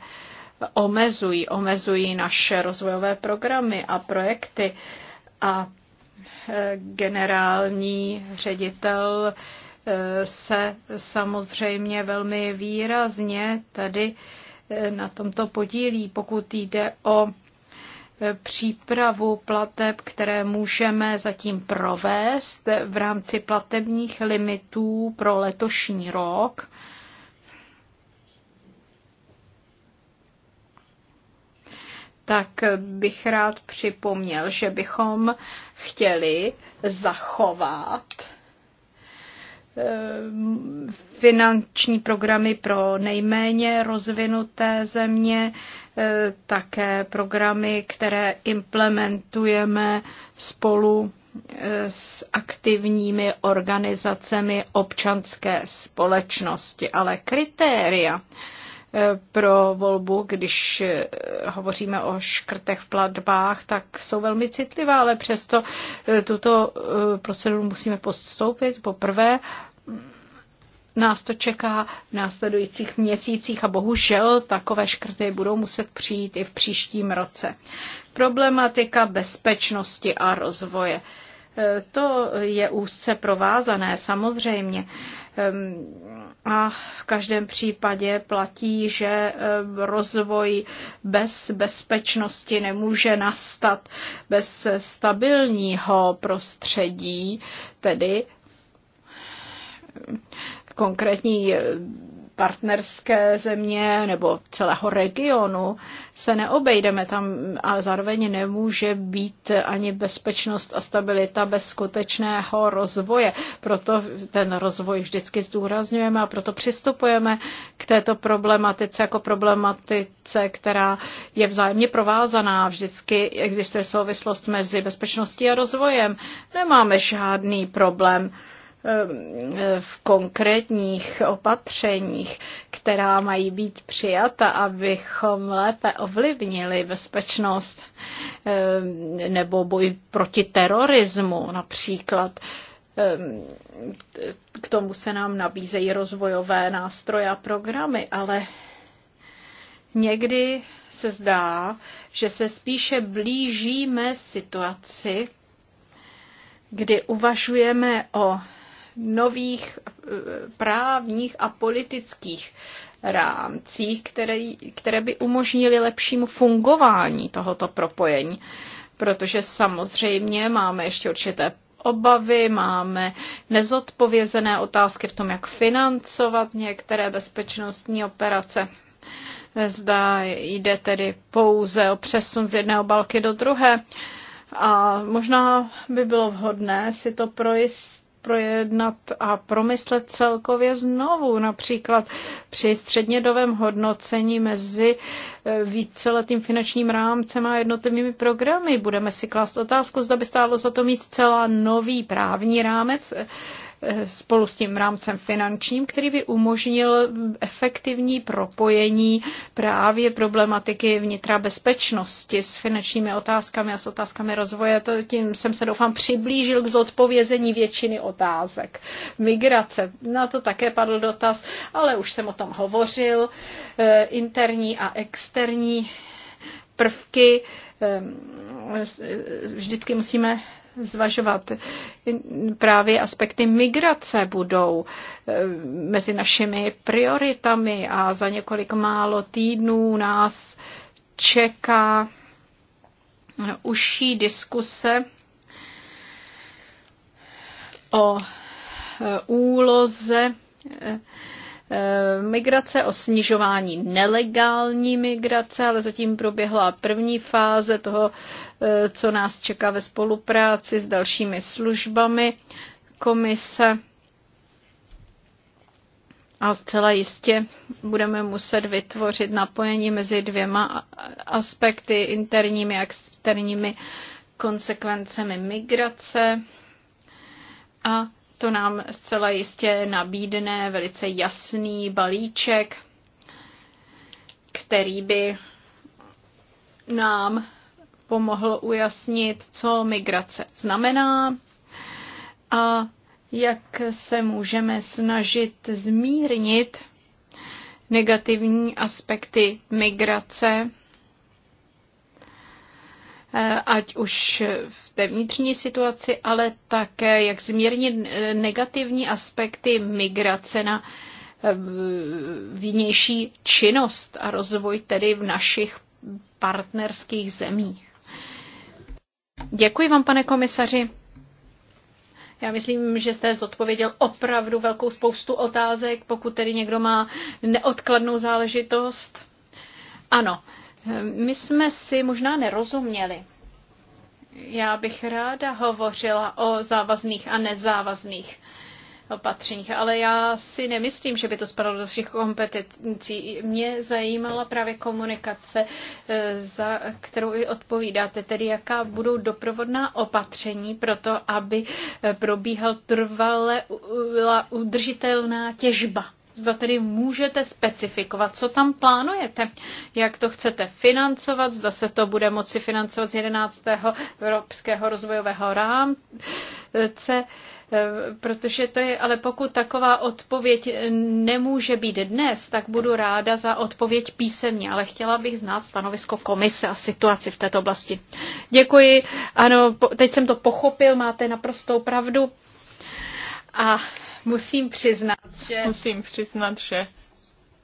omezují, omezují naše rozvojové programy a projekty. A e, generální ředitel se samozřejmě velmi výrazně tady eh, na tomto podílí, pokud jde o eh, přípravu plateb, které můžeme zatím provést v rámci platebních limitů pro letošní rok. tak bych rád připomněl, že bychom chtěli zachovat Eh, finanční programy pro nejméně rozvinuté země, eh, také programy, které implementujeme spolu eh, s aktivními organizacemi občanské společnosti. Ale kritéria pro volbu, když eh, hovoříme o škrtech v platbách, tak jsou velmi citlivá, ale přesto eh, tuto eh, proceduru musíme postoupit poprvé. Nás to čeká v následujících měsících a bohužel takové škrty budou muset přijít i v příštím roce. Problematika bezpečnosti a rozvoje. To je úzce provázané samozřejmě ehm, a v každém případě platí, že eh, rozvoj bez bezpečnosti nemůže nastat bez stabilního prostředí, tedy konkrétní eh, partnerské země nebo celého regionu se neobejdeme tam a zároveň nemůže být ani bezpečnost a stabilita bez skutečného rozvoje. Proto ten rozvoj vždycky zdůrazňujeme a proto přistupujeme k této problematice jako problematice, která je vzájemně provázaná. Vždycky existuje souvislost mezi bezpečností a rozvojem. Nemáme žádný problém v konkrétních opatřeních, která mají být přijata, abychom lépe ovlivnili bezpečnost eh, nebo boj proti terorismu například. Eh, k tomu se nám nabízejí rozvojové nástroje a programy, ale někdy se zdá, že se spíše blížíme situaci, kdy uvažujeme o nových eh, právních a politických rámcích, které, které by umožnily lepšímu fungování tohoto propojení. Protože samozřejmě máme ještě určité obavy, máme nezodpovězené otázky v tom, jak financovat některé bezpečnostní operace. Zda jde tedy pouze o přesun z jedné obalky do druhé. A možná by bylo vhodné si to projistit projednat a promyslet celkově znovu, například při střednědovém hodnocení mezi eh, víceletým finančním rámcem a jednotlivými programy. Budeme si klást otázku, zda by stálo za to mít celá nový právní rámec, spolu s tím rámcem finančním, který by umožnil efektivní propojení právě problematiky vnitra bezpečnosti s finančními otázkami a s otázkami rozvoje. To tím jsem se doufám přiblížil k zodpovězení většiny otázek. Migrace, na to také padl dotaz, ale už jsem o tom hovořil. E, interní a externí prvky e, e, vždycky musíme zvažovat. Právě aspekty migrace budou eh, mezi našimi prioritami a za několik málo týdnů nás čeká užší diskuse o eh, úloze eh, Eh, migrace, o snižování nelegální migrace, ale zatím proběhla první fáze toho, eh, co nás čeká ve spolupráci s dalšími službami komise. A zcela jistě budeme muset vytvořit napojení mezi dvěma aspekty, interními a externími konsekvencemi migrace a to nám zcela jistě nabídne velice jasný balíček, který by nám pomohl ujasnit, co migrace znamená a jak se můžeme snažit zmírnit negativní aspekty migrace Eh, ať už v té vnitřní situaci, ale také jak zmírnit eh, negativní aspekty migrace na eh, vnější činnost a rozvoj tedy v našich partnerských zemích. Děkuji vám, pane komisaři. Já myslím, že jste zodpověděl opravdu velkou spoustu otázek, pokud tedy někdo má neodkladnou záležitost. Ano, my jsme si možná nerozuměli. Já bych ráda hovořila o závazných a nezávazných opatřeních, ale já si nemyslím, že by to spadlo do všech kompetencí. Mě zajímala právě komunikace, e, za kterou i odpovídáte, tedy jaká budou doprovodná opatření pro to, aby e, probíhal trvale udržitelná těžba Zda tedy můžete specifikovat, co tam plánujete, jak to chcete financovat, zda se to bude moci financovat z 11. Evropského rozvojového rámce, protože to je, ale pokud taková odpověď nemůže být dnes, tak budu ráda za odpověď písemně, ale chtěla bych znát stanovisko komise a situaci v této oblasti. Děkuji, ano, teď jsem to pochopil, máte naprostou pravdu. A Musím přiznat, že... Musím přiznat, že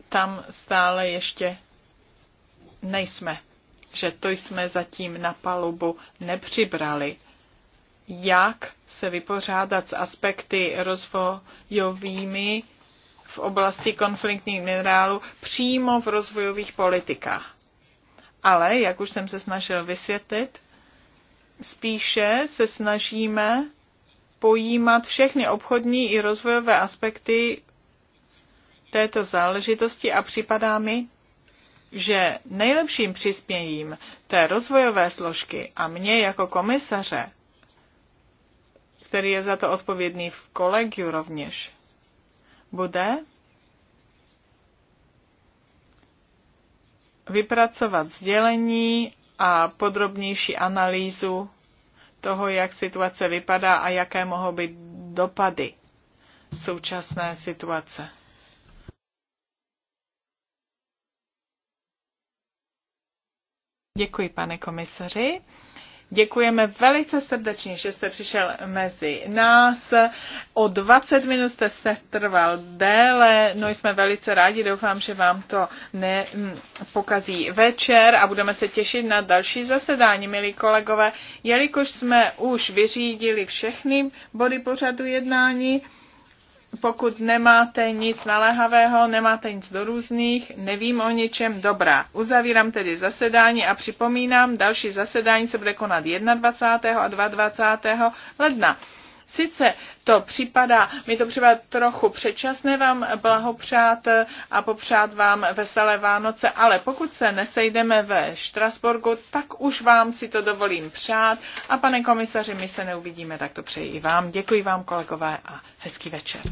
tam stále ještě nejsme. Že to jsme zatím na palubu nepřibrali. Jak se vypořádat s aspekty rozvojovými v oblasti konfliktních minerálů přímo v rozvojových politikách. Ale, jak už jsem se snažil vysvětlit, spíše se snažíme pojímat všechny obchodní i rozvojové aspekty této záležitosti a připadá mi, že nejlepším přispěním té rozvojové složky a mě jako komisaře, který je za to odpovědný v kolegiu rovněž, bude vypracovat sdělení a podrobnější analýzu toho, jak situace vypadá a jaké mohou být dopady současné situace. Děkuji, pane komisaři. Děkujeme velice srdečně, že jste přišel mezi nás. O 20 minut jste se trval déle, no jsme velice rádi, doufám, že vám to nepokazí mm, večer a budeme se těšit na další zasedání, milí kolegové, jelikož jsme už vyřídili všechny body pořadu jednání, pokud nemáte nic naléhavého, nemáte nic do různých, nevím o ničem, dobrá. Uzavírám tedy zasedání a připomínám, další zasedání se bude konat 21. a 22. ledna. Sice to připadá, mi to připadá trochu předčasné vám blahopřát eh, a popřát vám veselé Vánoce, ale pokud se nesejdeme ve Štrasburgu, tak už vám si to dovolím přát a pane komisaři, my se neuvidíme, tak to přeji i vám. Děkuji vám kolegové a hezký večer.